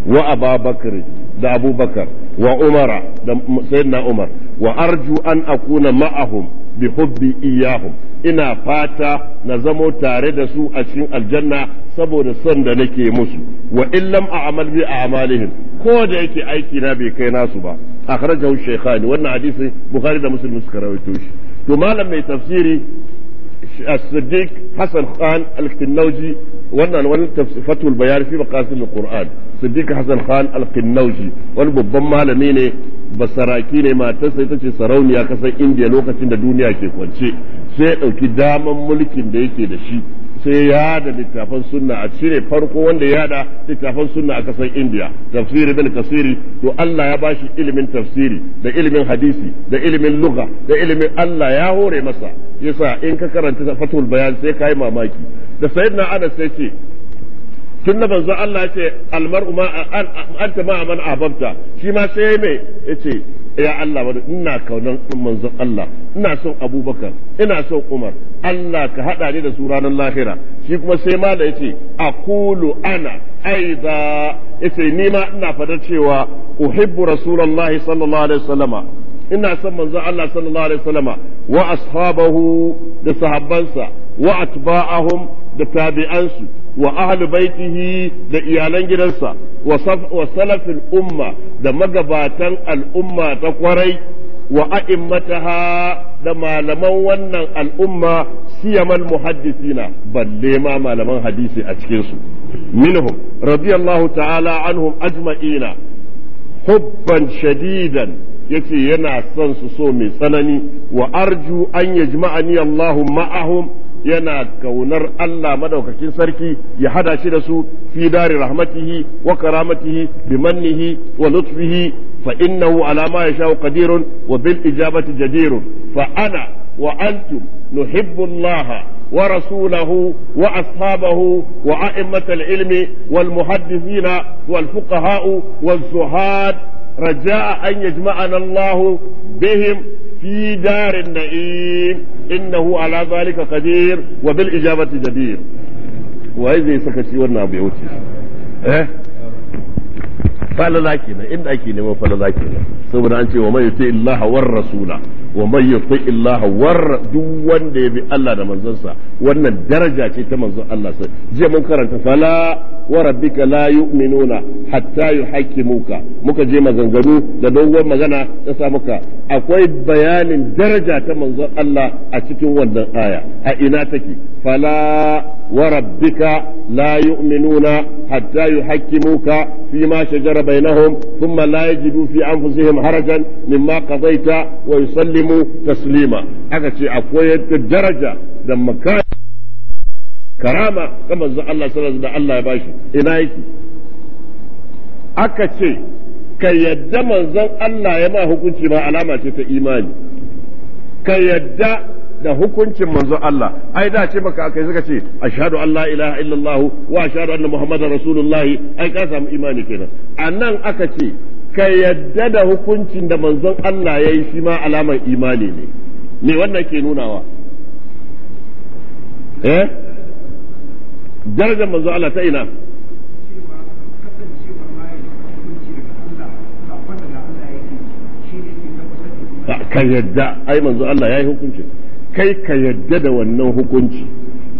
wa Bakr da abubakar wa Umar da sayyidina umar wa arju an akuna ma'ahum bi hubbi iyahum ina fata na zamo tare da su a cikin aljanna saboda son da nake musu wa illam a'mal bi a'malihim ko da yake aiki na bai kai nasu ba akhrajahu shaykhan wannan hadisi bukhari da muslim suka rawaito shi to malam mai tafsiri as-siddiq hasan khan al wannan wani fatul bayan fi maqasid al-qur'an siddiq hasan khan al-kinnauji wani babban malami ne basaraki ne matarsa ita ce sarauniya kasar indiya lokacin da duniya ke kwance sai ya dauki daman mulkin da yake da shi sai ya da littafan sunna a cire farko wanda ya da littafan sunna a kasar indiya tafsiri bin kasiri to Allah ya bashi ilimin tafsiri da ilimin hadisi da ilimin lugha da ilimin Allah ya hore masa yasa in ka karanta fatul bayan sai ka yi mamaki da sayyidina Anas sai ce tun da manzo Allah ya ce almar'u ma ta ma man shi ma sai me yace ya Allah wani ina kaunan manzon Allah ina son Abubakar ina son Umar Allah ka haɗa ni da su ranar lahira shi kuma sai ma da a Kulu ana aidha yace ni ma ina fadar cewa uhibbu rasulullahi sallallahu alaihi wasallama ina son manzon Allah sallallahu alaihi wasallama wa ashabahu da sahabbansa wa atba'ahum da tabi'ansu wa ahli baitihi da iyalan gidansa wa salafin umma da magabatan al'umma ta kwarai wa a'immataha da malaman wannan al'umma siyaman muhaddisina balle ma malaman hadisi a cikinsu minhum radiyallahu ta'ala anhum ajma'ina hubban shadidan yace yana son su so mai tsanani wa arju an yajma'ani Allahu ma'ahum yana kaunar Allah madaukakin sarki ya hada shi da su fi dari rahmatihi wa karamatihi bi mannihi wa lutfihi fa innahu ala ma yasha qadirun wa bil ijabati jadirun fa ana wa antum nuhibbu Allah wa rasulahu wa ashabahu wa a'immat al-ilmi wal muhaddithin wal fuqaha wal zuhad رجاء أن يجمعنا الله بهم في دار النعيم إنه على ذلك قدير وبالإجابة جدير وإذا يسكتي والنعم يوتي إيه falala kenan inda ake neman falala kenan saboda an ce wa mai yuti illaha war rasula wa man yuti illah war duk wanda ya bi Allah da manzonsa wannan daraja ce ta manzon Allah sai jiya mun karanta fala wa rabbika la yu'minuna hatta yuhaqqimuka muka je maganganu da dogon magana ta sa muka akwai bayanin daraja ta manzon Allah a cikin wannan aya a ina take fala وربك لا يؤمنون حتى يحكموك فيما شجر بينهم ثم لا يجدوا في أنفسهم هرجا مما قضيت ويسلموا تسليما أكتشي أقوية الدرجة لما كان كرامة كما الله صلى الله عليه الله باشي إنايك أكتشي كي يدى من الله يما هكوتي ما علامة إيماني كي يدى da hukuncin manzo Allah ai da ce maka akai suka ce ashhadu an la ilaha illallah wa ashhadu anna muhammadar rasulullahi ai ka samu imani kenan anan aka ce ka yadda da hukuncin da manzon Allah yayi shi ma alaman imani ne me wannan ke nunawa eh darajar manzon Allah ta ina ka yadda ai manzo Allah ya yi hukuncin. kai ka yadda da wannan hukunci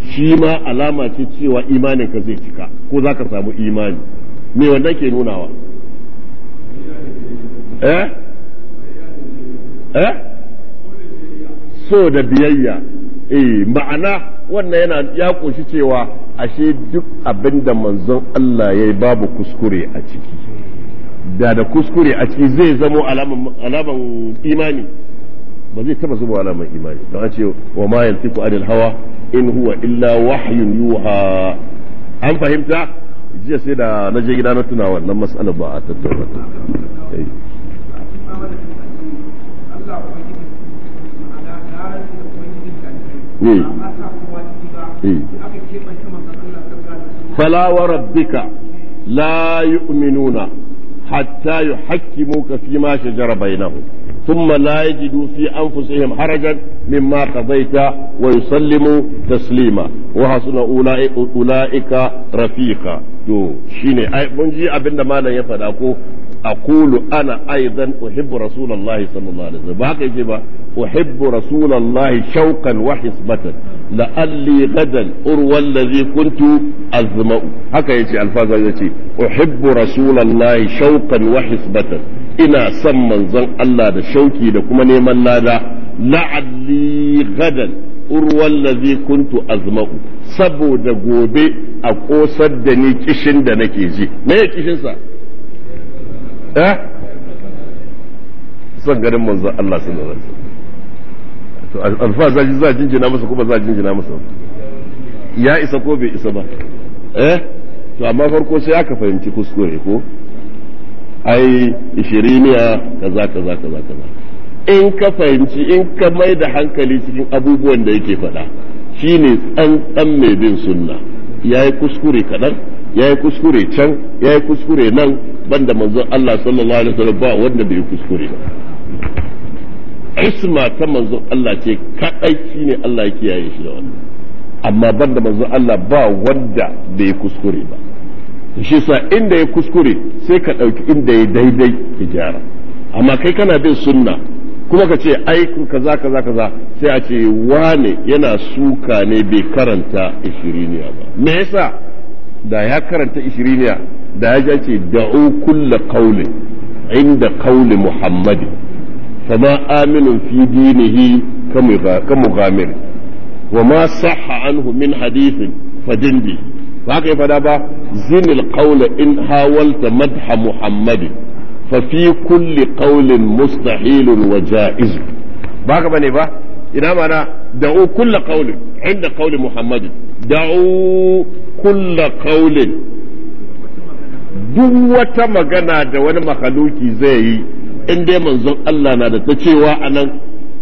shi ma alama ce cewa ka zai cika ko za ka samu imani me wannan ke nunawa eh eh so da biyayya eh ma'ana wannan yana ya koshi cewa ashe duk abinda manzon Allah ya yi babu kuskure a ciki da da kuskure a ciki zai zamo alaman imani ba zai taba zuba wala mai imani don a ce wa ma yantiku anil hawa in huwa illa wahyun yuha an fahimta jiya sai da na je gida na tuna wannan mas'alar ba a tattauna ta فلا وربك لا يؤمنون حتى يحكموك فيما شجر بينهم ثم لا يجدوا في أنفسهم حرجا مما قضيت ويسلموا تسليما وحسن أولئك, أولئك رفيقا تو شيني أي منجي أبن ما لا يفعل أقول أقول أنا أيضا أحب رسول الله صلى الله عليه وسلم باقي جبا أحب رسول الله شوقا وحسبة لألي غدا أروى الذي كنت أزمأ هكا يجي ألفاظ يجي أحب رسول الله شوقا وحسبة ina son manzon Allah da shauki da kuma neman lada la'alli gadan urwan lazi kuntu azma'u saboda gobe a kosar da ni kishin da nake ji me ya kishinsa eh son garin manzon Allah sallallahu alaihi wasallam to alfa za za jinjina masa kuma za jinjina masa ya isa ko bai isa ba eh to amma farko sai aka fahimci kuskure ko ai ishiriniya kaza kaza kaza kaza in ka fahimci in ka mai da hankali cikin abubuwan da yake faɗa shine tsantsan mai bin sunna yi kuskure kaɗan yi kuskure can ya yi kuskure nan banda manzon Allah sallallahu alaihi wasallam ba wanda bai kuskure ba isma ta manzon Allah ce kaɗai shine Allah ya kiyaye shi da wannan amma banda manzon Allah ba wanda bai kuskure ba shi sa inda ya kuskure sai ka ɗauki inda ya daidai ka gyara amma kai kana bin sunna kuma ka ce ai kaza kaza kaza sai a ce wane yana suka ne bai karanta ishiriniya ba me yasa da ya karanta ishiriniya da ya ce da'u kulla kaule inda kaule muhammadin fama aminun fi dinihi kamu gamir wa ma sahha anhu min hadithin fadin ba ka yi fada ba zinil qawla in hawalta madha muhammadin fa fi kulli qawlin mustahilun wa ja'iz ba ka bane ba ina mana da'u kulla qawlin inda qawli muhammadin da'u kulla qawlin duk wata magana da wani makhaluki zai yi in dai manzon Allah na da ta cewa anan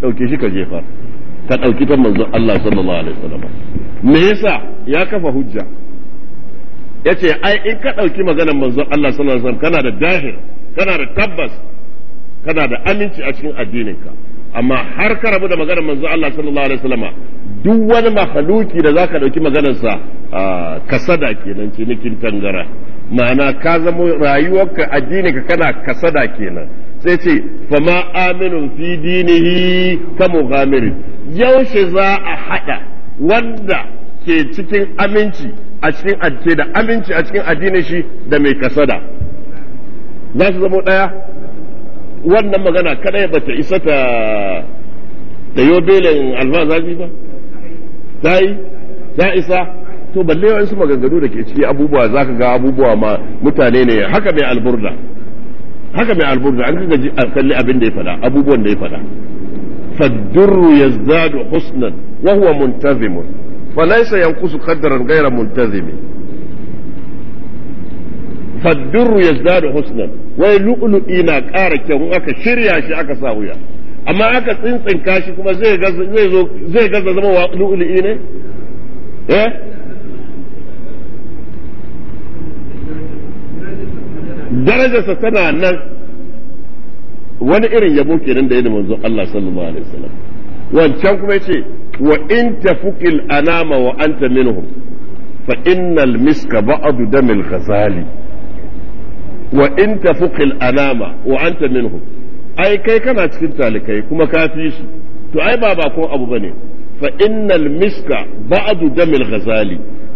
dauke shi ka jefa ka dauki ta manzon Allah sallallahu alaihi wasallam me yasa ya kafa hujja yace ai in ka ɗauki maganar manzon Allah sallallahu alaihi wasallam kana da dahir kana da tabbas kana da aminci a cikin addininka amma har ka rabu da maganar manzon Allah sallallahu alaihi wasallam duk wani mahaluki da zaka ɗauki maganarsa kasada kenan cinikin tangara ma'ana ka zama rayuwarka addininka kana kasada kenan sai ce fama aminu fi dinihi ka yaushe za a haɗa wanda ke cikin aminci a cikin ke da aminci a cikin addinin shi da mai kasada za su zama ɗaya wannan magana kadai ba ta isa ta da yau belin ba ta yi ta isa to balle wasu maganganu da ke ciki abubuwa za ka ga abubuwa ma mutane ne haka mai alburda haka mai alburda an kan gaji kalli abin da ya fada abubuwan da ya fada fadduru yazdadu husnan wa huwa muntazimun فليس ينقص قدرا غير منتظم فالدر يزداد حسنا ويلؤلؤ ولؤلؤي نا ƙara شريا شي shirya ساويا aka sa wuya كاشي كما زي shi زي, زو زي zama wa ولؤلؤ ne eh darajarsa ستنا nan wani irin yabo kenan da yana manzo Allah sallallahu alaihi wasallam wancan kuma yace wa in tafukil anama wa anta minhum miska ba'du damil ghazali wa in tafukil anama wa anta ai kai kana cikin talikai kuma ka fi su to ai ba ba ko abu bane fa innal miska ba'du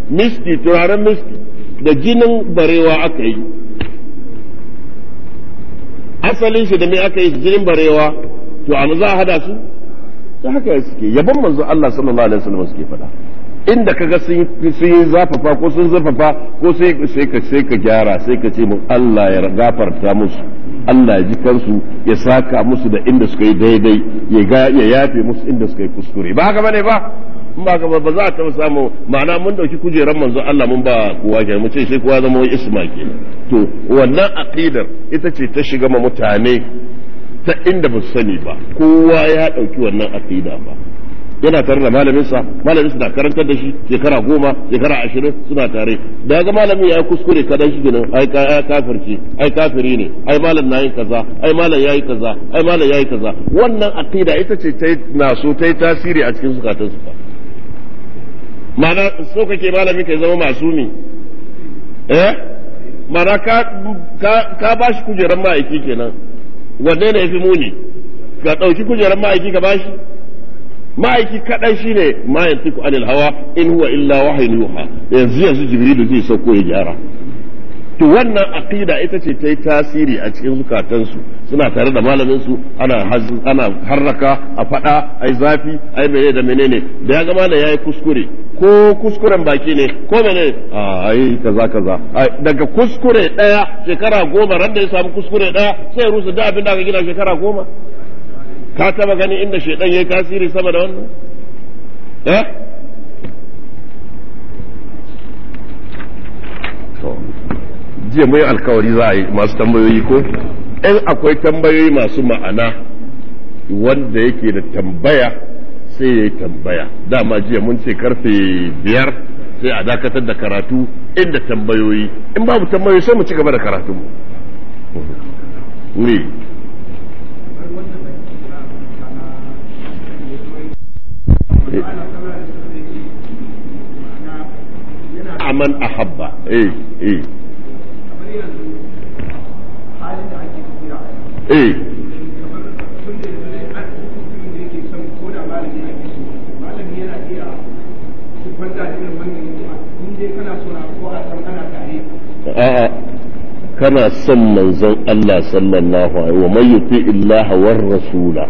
miski da jinin barewa aka yi asalin shi da me aka yi jinin barewa to amma za a hada su da haka ya suke yabon manzo Allah sallallahu alaihi wasallam suke fada inda kaga sun sun zafafa ko sun zafafa ko sai ka sai ka gyara sai ka ce mun Allah ya gafarta musu Allah ya ji kansu ya saka musu da inda suka yi daidai ya yafe musu inda suka yi kuskure ba haka bane ba in ba gaba ba za a taɓa samu ma'ana mun ɗauki kujerar manzo Allah mun ba kowa ke mu ce sai kowa zama wani isma ke to wannan aqidar ita ce ta shiga ma mutane ta inda ba su sani ba kowa ya ɗauki wannan aqida ba yana tare da malaminsa malaminsa na karantar da shi shekara goma shekara ashirin suna tare da ga malami ya kuskure kadan shi ginin ai kafirci ai kafiri ne ai malam na yi kaza ai malam ya yi kaza ai malam ya yi kaza wannan aqida ita ce ta na so ta yi tasiri a cikin zukatan su ba ma'ana so kake malami kai zama masumi eh ma'ana ka ka ba shi kujeran ma'aiki kenan wanne ne fi muni Ka ɗauki kujerar ma'aiki ka bashi ma'aiki kaɗai shine ma'aiki ku anil hawa in huwa illa wahyin yuha yanzu yanzu jibrilu zai sauko ya gyara to wannan aqida ita ce ta yi tasiri a cikin zukatansu suna tare da malamin su ana ana harraka a faɗa ai zafi ai menene da menene da ya ga malam yayi kuskure ko kuskuren baki ne ko mene ai kaza kaza daga kuskure daya shekara goma ran ya samu kuskure daya sai rusa da abin da aka gina shekara goma ka taba gani inda shedan yayi tasiri sama da wannan eh to jiya mai alkawari za a yi masu tambayoyi ko in akwai tambayoyi masu ma'ana wanda yake da tambaya sai ya yi tambaya dama jiya mun ce karfe biyar sai a dakatar da karatu inda tambayoyi in babu tambayoyi sai mu ci gaba da karatu mu aman a habba. eh eh, eh. a'a kana son manzon Allah sallallahu alaihi wa man yuti illaha war rasula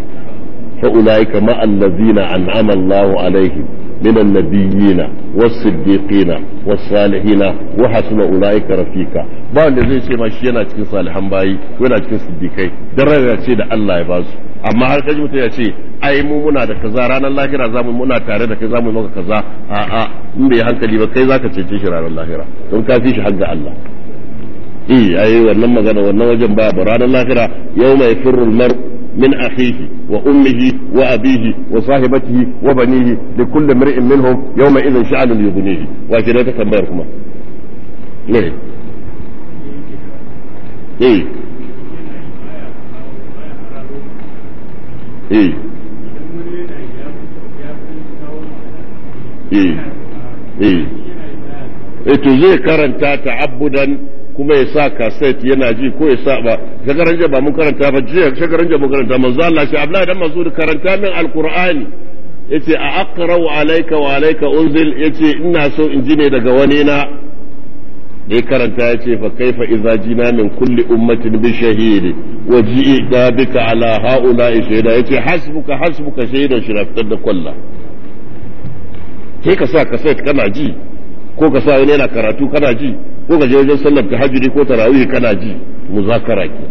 fa ulaika ma allazina an'ama Allahu alaihim من النبيين والصديقين والصالحين وحسن اولئك rafika. ba wanda zai ce ma shi yana cikin salihan bayi ko yana cikin siddikai daraja ce da Allah ya basu amma har kaji mutum ya ce ai mu muna da kaza ranar lahira zamu muna tare da kai zamu maka kaza a'a in bai hankali ba kai zaka cece shi ranar lahira don ka fi shi har ga Allah eh ai wannan magana wannan wajen ba ba ranar lahira yawma yafirru al-mar min akhihi wa ummihi wa abihi wa sahibatihi wa banihi li kulli mar'in minhum yawma idhin sha'anun yughnihi wa ke da ta tambayar kuma ne eh to zai karanta ta'abbudan kuma ya sa kaset yana ji ko ya sa ba shagaran ba mun karanta ba jiya shagaran jiya mun karanta manzo Allah shi Abdullahi dan da karanta min alqur'ani yace a aqra'u alayka wa alayka unzil yace ina so in ji ne daga wani na da karanta ya ce fa kaifa idza jina min kulli ummatin bi shahid wa ji'a bika ala haula shahida yace hasbuka hasbuka shahidan shirafta da kullu kai ka sa kaset kana ji ko ka sa wani yana karatu kana ji ko ka je wajen sallar hajji ko tarawih kana ji muzakara ke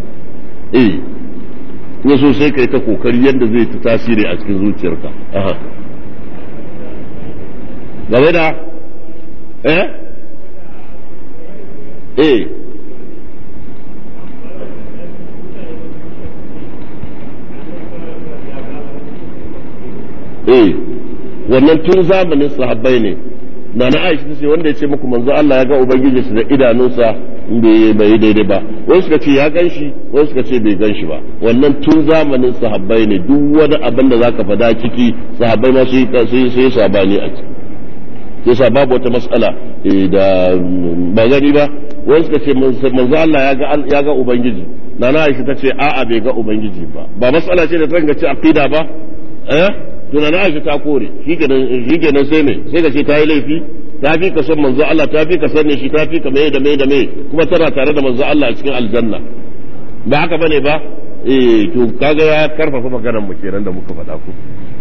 eh so sai kai ta kokari yadda zai ta tasiri a cikin zuciyarka aha game da eh eh eh wannan tun zamanin sahabbai ne na na aisha ce wanda ya ce muku manzo Allah ya ga ubangiji su da idanunsa bai daidai ba wasu suka ce ya gan shi wasu suka ce bai gan shi ba wannan tun zamanin sahabbai ne duk wani abin da zaka fada ciki sahabbai ma sai sai sabani a ciki yasa babu wata mas'ala eh, da mm, ba gani ba wani suka ce manzo Allah ya ga ubangiji nana Aisha ta ce a'a bai ga ubangiji ba ba mas'ala ce da ta ci aqida ba eh tunan aisha ta kore shi kenan sai me sai da ce ta yi laifi ta fi ka son manzo Allah ta fi ka sanne shi ta fi ka mai da mai da mai kuma tana tare da manzo Allah a cikin aljanna ba haka bane ba eh to kaga ya karfafa maganar mu kenan da muka faɗa ku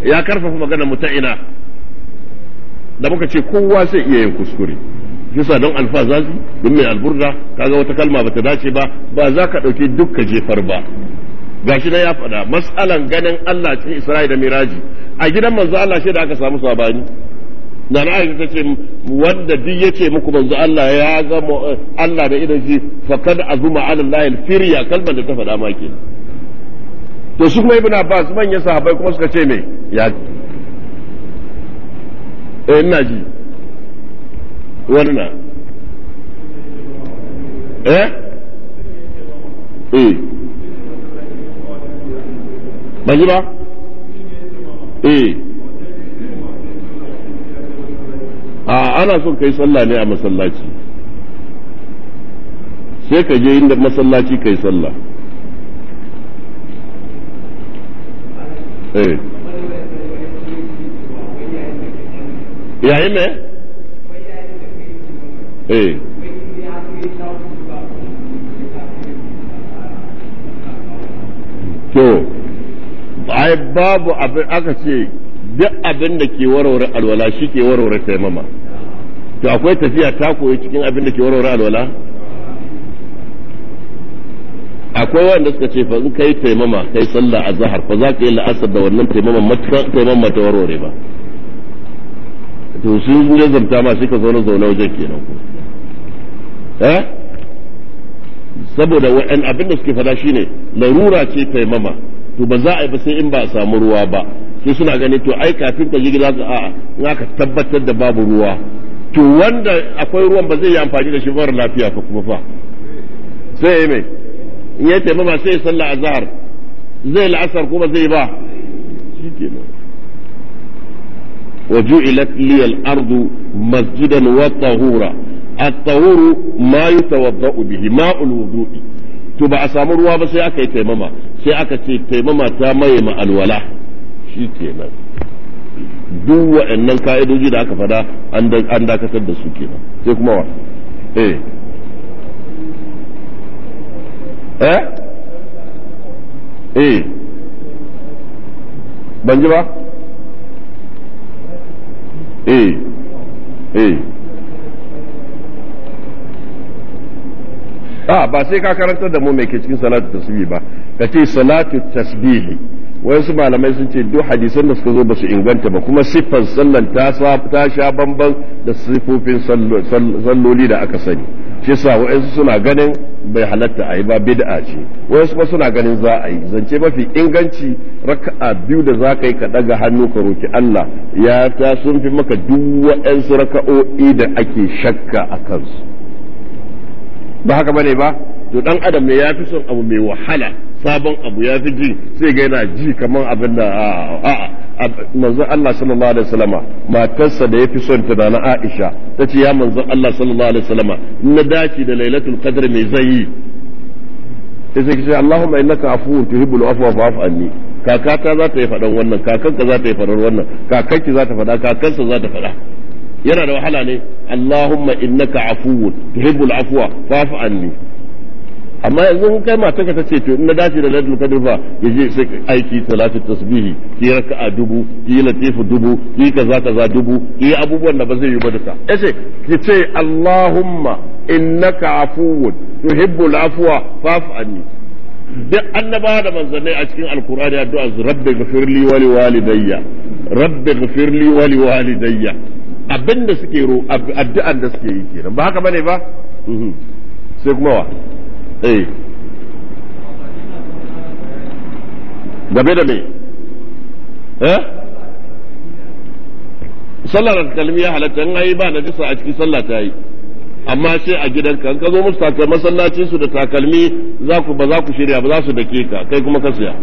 ya karfafa maganar mu ta ina da muka ce kowa sai iya yin kuskure yasa don alfazazi don mai alburda kaga wata kalma bata dace ba ba za ka ɗauke duk ka jefar ba gashi na ya faɗa mas'alan ganin Allah cikin Isra'i da Miraji a gidan manzo Allah shi da aka samu sabani na na aisha ce wanda duk yace muku manzo Allah ya ga Allah da idan shi faqad azuma ala Allah al-firya kalmar da ta faɗa ma ke. to su kuma ibn Abbas manyan sahabbai kuma suka ce me ya eh ina ji wannan eh eh ba ba eh a ana son kai sallah ne a masallaci sai ka je inda masallaci kai sallah eh ya me eh ai babu abin aka ce duk abin da ke warware alwala shi ke warware taimama to akwai tafiya ta koyi cikin abin da ke warware alwala akwai wanda suka ce fa in kai taimama kai sallah a zahar fa za ka yi la'asar da wannan taimama matuƙar taimama ta warware ba to sun ne zamta ma ka zaune zaune wajen kenan ko eh saboda wa'an abin da suke fada shine larura ce taimama to ba za a yi ba sai in ba a samu ruwa ba sai suna gani to ai kafin ka jirgi za ka aka tabbatar da babu ruwa to wanda akwai ruwan ba zai yi amfani da shi mara lafiya ka kuma fa sai ya yi mai in ya taimama sai ya salla azhar zai la'asar kuma zai ba shikenan وجعلت لي الأرض مسجدا وطهورا الطهور ما to ba a samu ruwa ba sai aka yi taimama. sai aka ce taimama ta maye ma'alwala shi shi kenan duk wa'annan ka'idoji da aka fada an dakatar da su kenan sai kuma wa eh eh eh ban ji ba eh eh a ah, ba sai ka karantar da mu mai ke cikin salatu tasbihi ba ka ce salatu tasbihi wasu malamai sun ce duk hadisan da suka zo ba su inganta ba kuma siffar sallan ta sha bamban da siffofin salloli da aka sani shi sa wa'insu suna ganin bai halatta a yi ba bid'a ce wa'ansu ba suna ganin za a yi zance mafi inganci raka'a biyu da za ka yi ka daga hannu ka roki Allah ya ta sun fi maka duk wa'ansu raka'o'i da ake shakka a kansu ba haka bane ba to dan adam ne ya fi son abu mai wahala sabon abu ya fi ji sai ga yana ji kamar abin da a'a manzon Allah sallallahu alaihi wasallama matarsa da yafi son ta na Aisha tace ya manzon Allah sallallahu alaihi wasallama in na dace da lailatul qadr me zai yi sai kace Allahumma innaka afuwun tuhibbul afwa fa'fu anni kakata za ta yi fadan wannan kakanka za ta yi fadan wannan kakanki za ta fada kakansa za ta fada yana da wahala ne Allahumma innaka afuwun tuhibbul afwa fa'fu anni amma yanzu in kai matarka ta tace to in na dace da ladul kadir fa yaje sai aiki salatu tasbihi ki raka'a dubu ki latifu dubu ki kaza kaza dubu ki abubuwan da ba zai yi ba duka yace ki ce allahumma innaka afuwun tuhibbul afwa fa'fu anni duk annaba da manzanni a cikin alkur'ani addu'a su rabbi ghfirli wa walidayya rabbi ghfirli wa walidayya abinda suke ro addu'an da suke yi kenan ba haka bane ba mhm. sai kuma wa eh game da me eh sallar kalmi ya halatta in ai ba jisa a cikin sallah ta yi amma sai a gidan in ka zo musu masallacin su da takalmi za ku ba za ku shirya ba za su dake ka kai kuma ka siya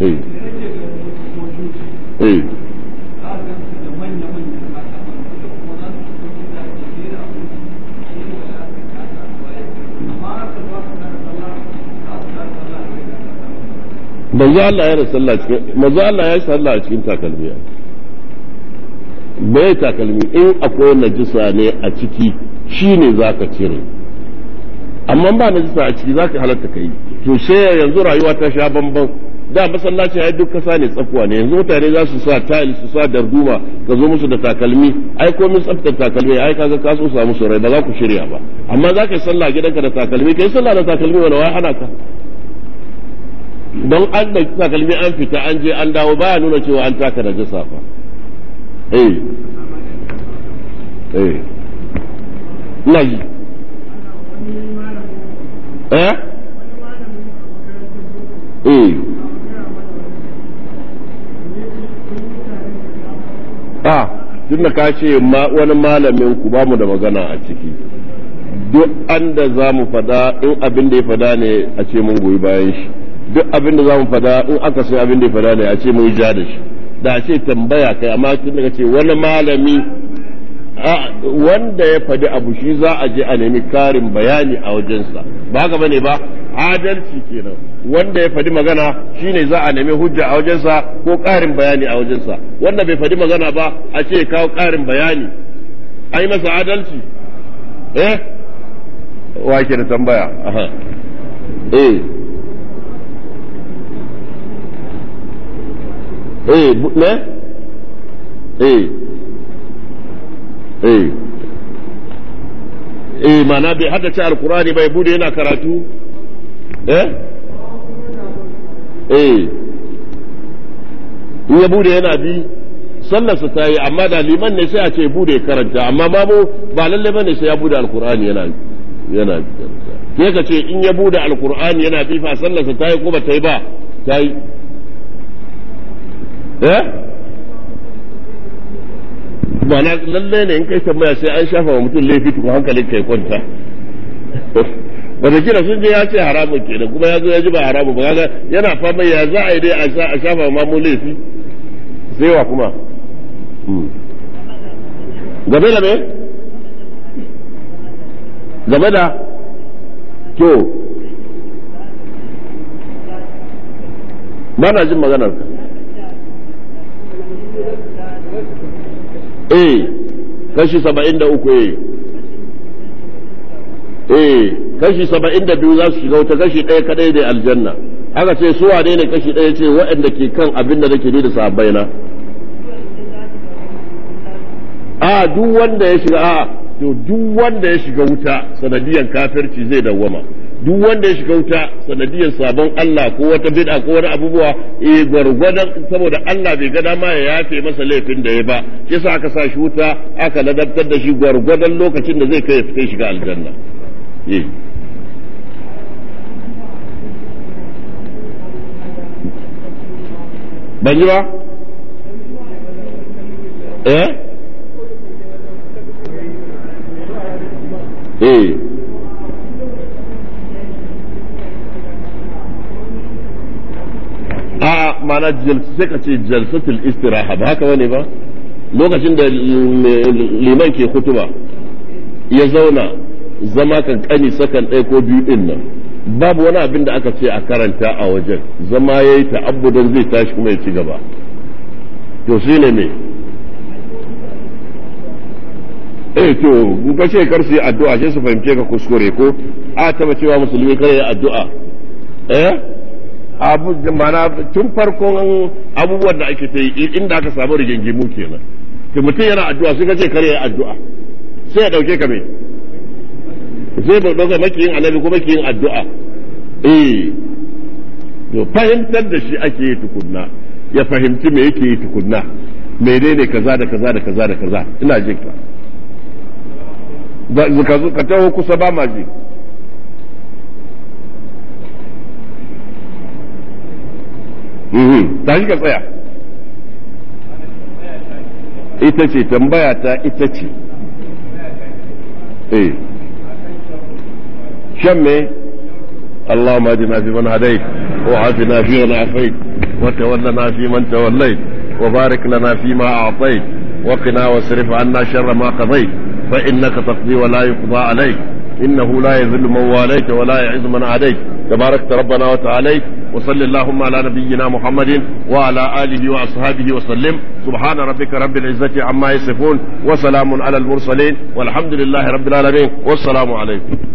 eh eh manzo Allah ya sallah cikin manzo Allah ya sallah a cikin takalmi bai takalmi in akwai najisa ne a ciki shine zaka cire amma ba najisa a ciki zaka halatta kai to sai yanzu rayuwa ta sha bamban da masallaci ya duk kasa ne tsakuwa ne yanzu mutane za su sa tayil su sa darduma ka zo musu da takalmi ai komai tsaftar takalmi ai ga ka so samu su rai ba za ku shirya ba amma za ka yi sallah gidanka da takalmi kai sallah da takalmi wala wai hana ka don an ɗauki takalmi an fita an je an dawo baya nuna cewa an taka najasa fa eh eh ina eh eh ah tunda ka ce wani malamin ku ba mu da magana a ciki duk an da za mu fada in abin da ya fada ne a ce mun goyi bayan shi duk abin da za mu fada in aka sai abin da ya fada ne a ce mun ja da shi da a ce tambaya kai amma tun daga ce wani malami wanda ya fadi abu shi za a je a nemi karin bayani a wajensa ba haka bane ba adalci kenan wanda ya fadi magana shine za a nemi hujja a wajensa ko karin bayani a wajensa wanda bai fadi magana ba a ce kawo karin bayani ai masa adalci eh wa ke da tambaya eh eh ne eh eh eh mana bai haddace alkurani bai bude yana karatu eh eh in ya bude yana bi sallarsa ta yi amma da liman ne sai a ce bude karanta amma babu ba lalle bane sai ya bude alkur'ani yana yana ke ka ce in ya bude alkur'ani yana bi fa sallarsa ta yi ko ba ta yi ba ta yi Eh? ba lalle ne in kai tambaya sai an shafa wa mutum laifi tukun hankalin kai kwanta wata kira sun je ya ce haramun kenan kuma ya zo ya ji ba haramu ba kaga yana fama ya za a yi dai a shafa ma mu laifi sai wa kuma hmm. game da me game da to ba na jin maganar ka eh kashi saba'in da uku eh eh kashi saba'in da biyu za su shiga wuta kashi ɗaya kaɗai ne aljanna aka ce su wane ne kashi ɗaya ce waɗanda ke kan abin da nake ni da sahabbai na a duk wanda ya shiga a to duk wanda ya shiga wuta sanadiyan kafirci zai dawwama duk wanda ya shiga wuta sanadiyar sabon Allah ko wata bid'a ko wani abubuwa eh gwargwadon saboda Allah bai gada ma ya yafe masa laifin da ya ba shi yasa aka sa shi wuta aka ladabtar da shi gwargwadon lokacin da zai kai fita shiga aljanna eh ban ba eh eh ma'ana sai ka ce jalsatul istiraha ba haka bane ba lokacin da liman ke kutuba ya zauna zama kan kani sakan ɗaya ko biyu din nan babu wani abin da aka ce a karanta a wajen zama ya yi ta'abbudan zai tashi kuma ya ci gaba to shi ne me eh to ka ce kar su yi addu'a sai su fahimce ka kuskure ko a taba cewa musulmi kare addu'a eh abu mana tun farkon abubuwan da ake ta yi inda aka samu rigingimu kenan to mutum yana addu'a sai ka kare ya addu'a sai ya dauke ka me zai ba dauka yin annabi ko yin addu'a eh to fahimtar da shi ake yi tukunna ya fahimci me yake yi tukunna menene kaza da kaza da kaza da kaza ina jin ka ka taho kusa ba ma ji tashi ka tsaya ita ce tambaya ta ita اللهم اهدنا فيمن هديت وعافنا فيمن عافيت وتولنا فيمن توليت وبارك لنا فيما اعطيت وقنا واصرف عنا شر ما قضيت فانك تقضي ولا يقضى عليك انه لا يذل من واليت ولا يعز من عاديت تباركت ربنا وتعاليت وصل اللهم على نبينا محمد وعلى آله وأصحابه وسلم سبحان ربك رب العزة عما يصفون وسلام على المرسلين والحمد لله رب العالمين والسلام عليكم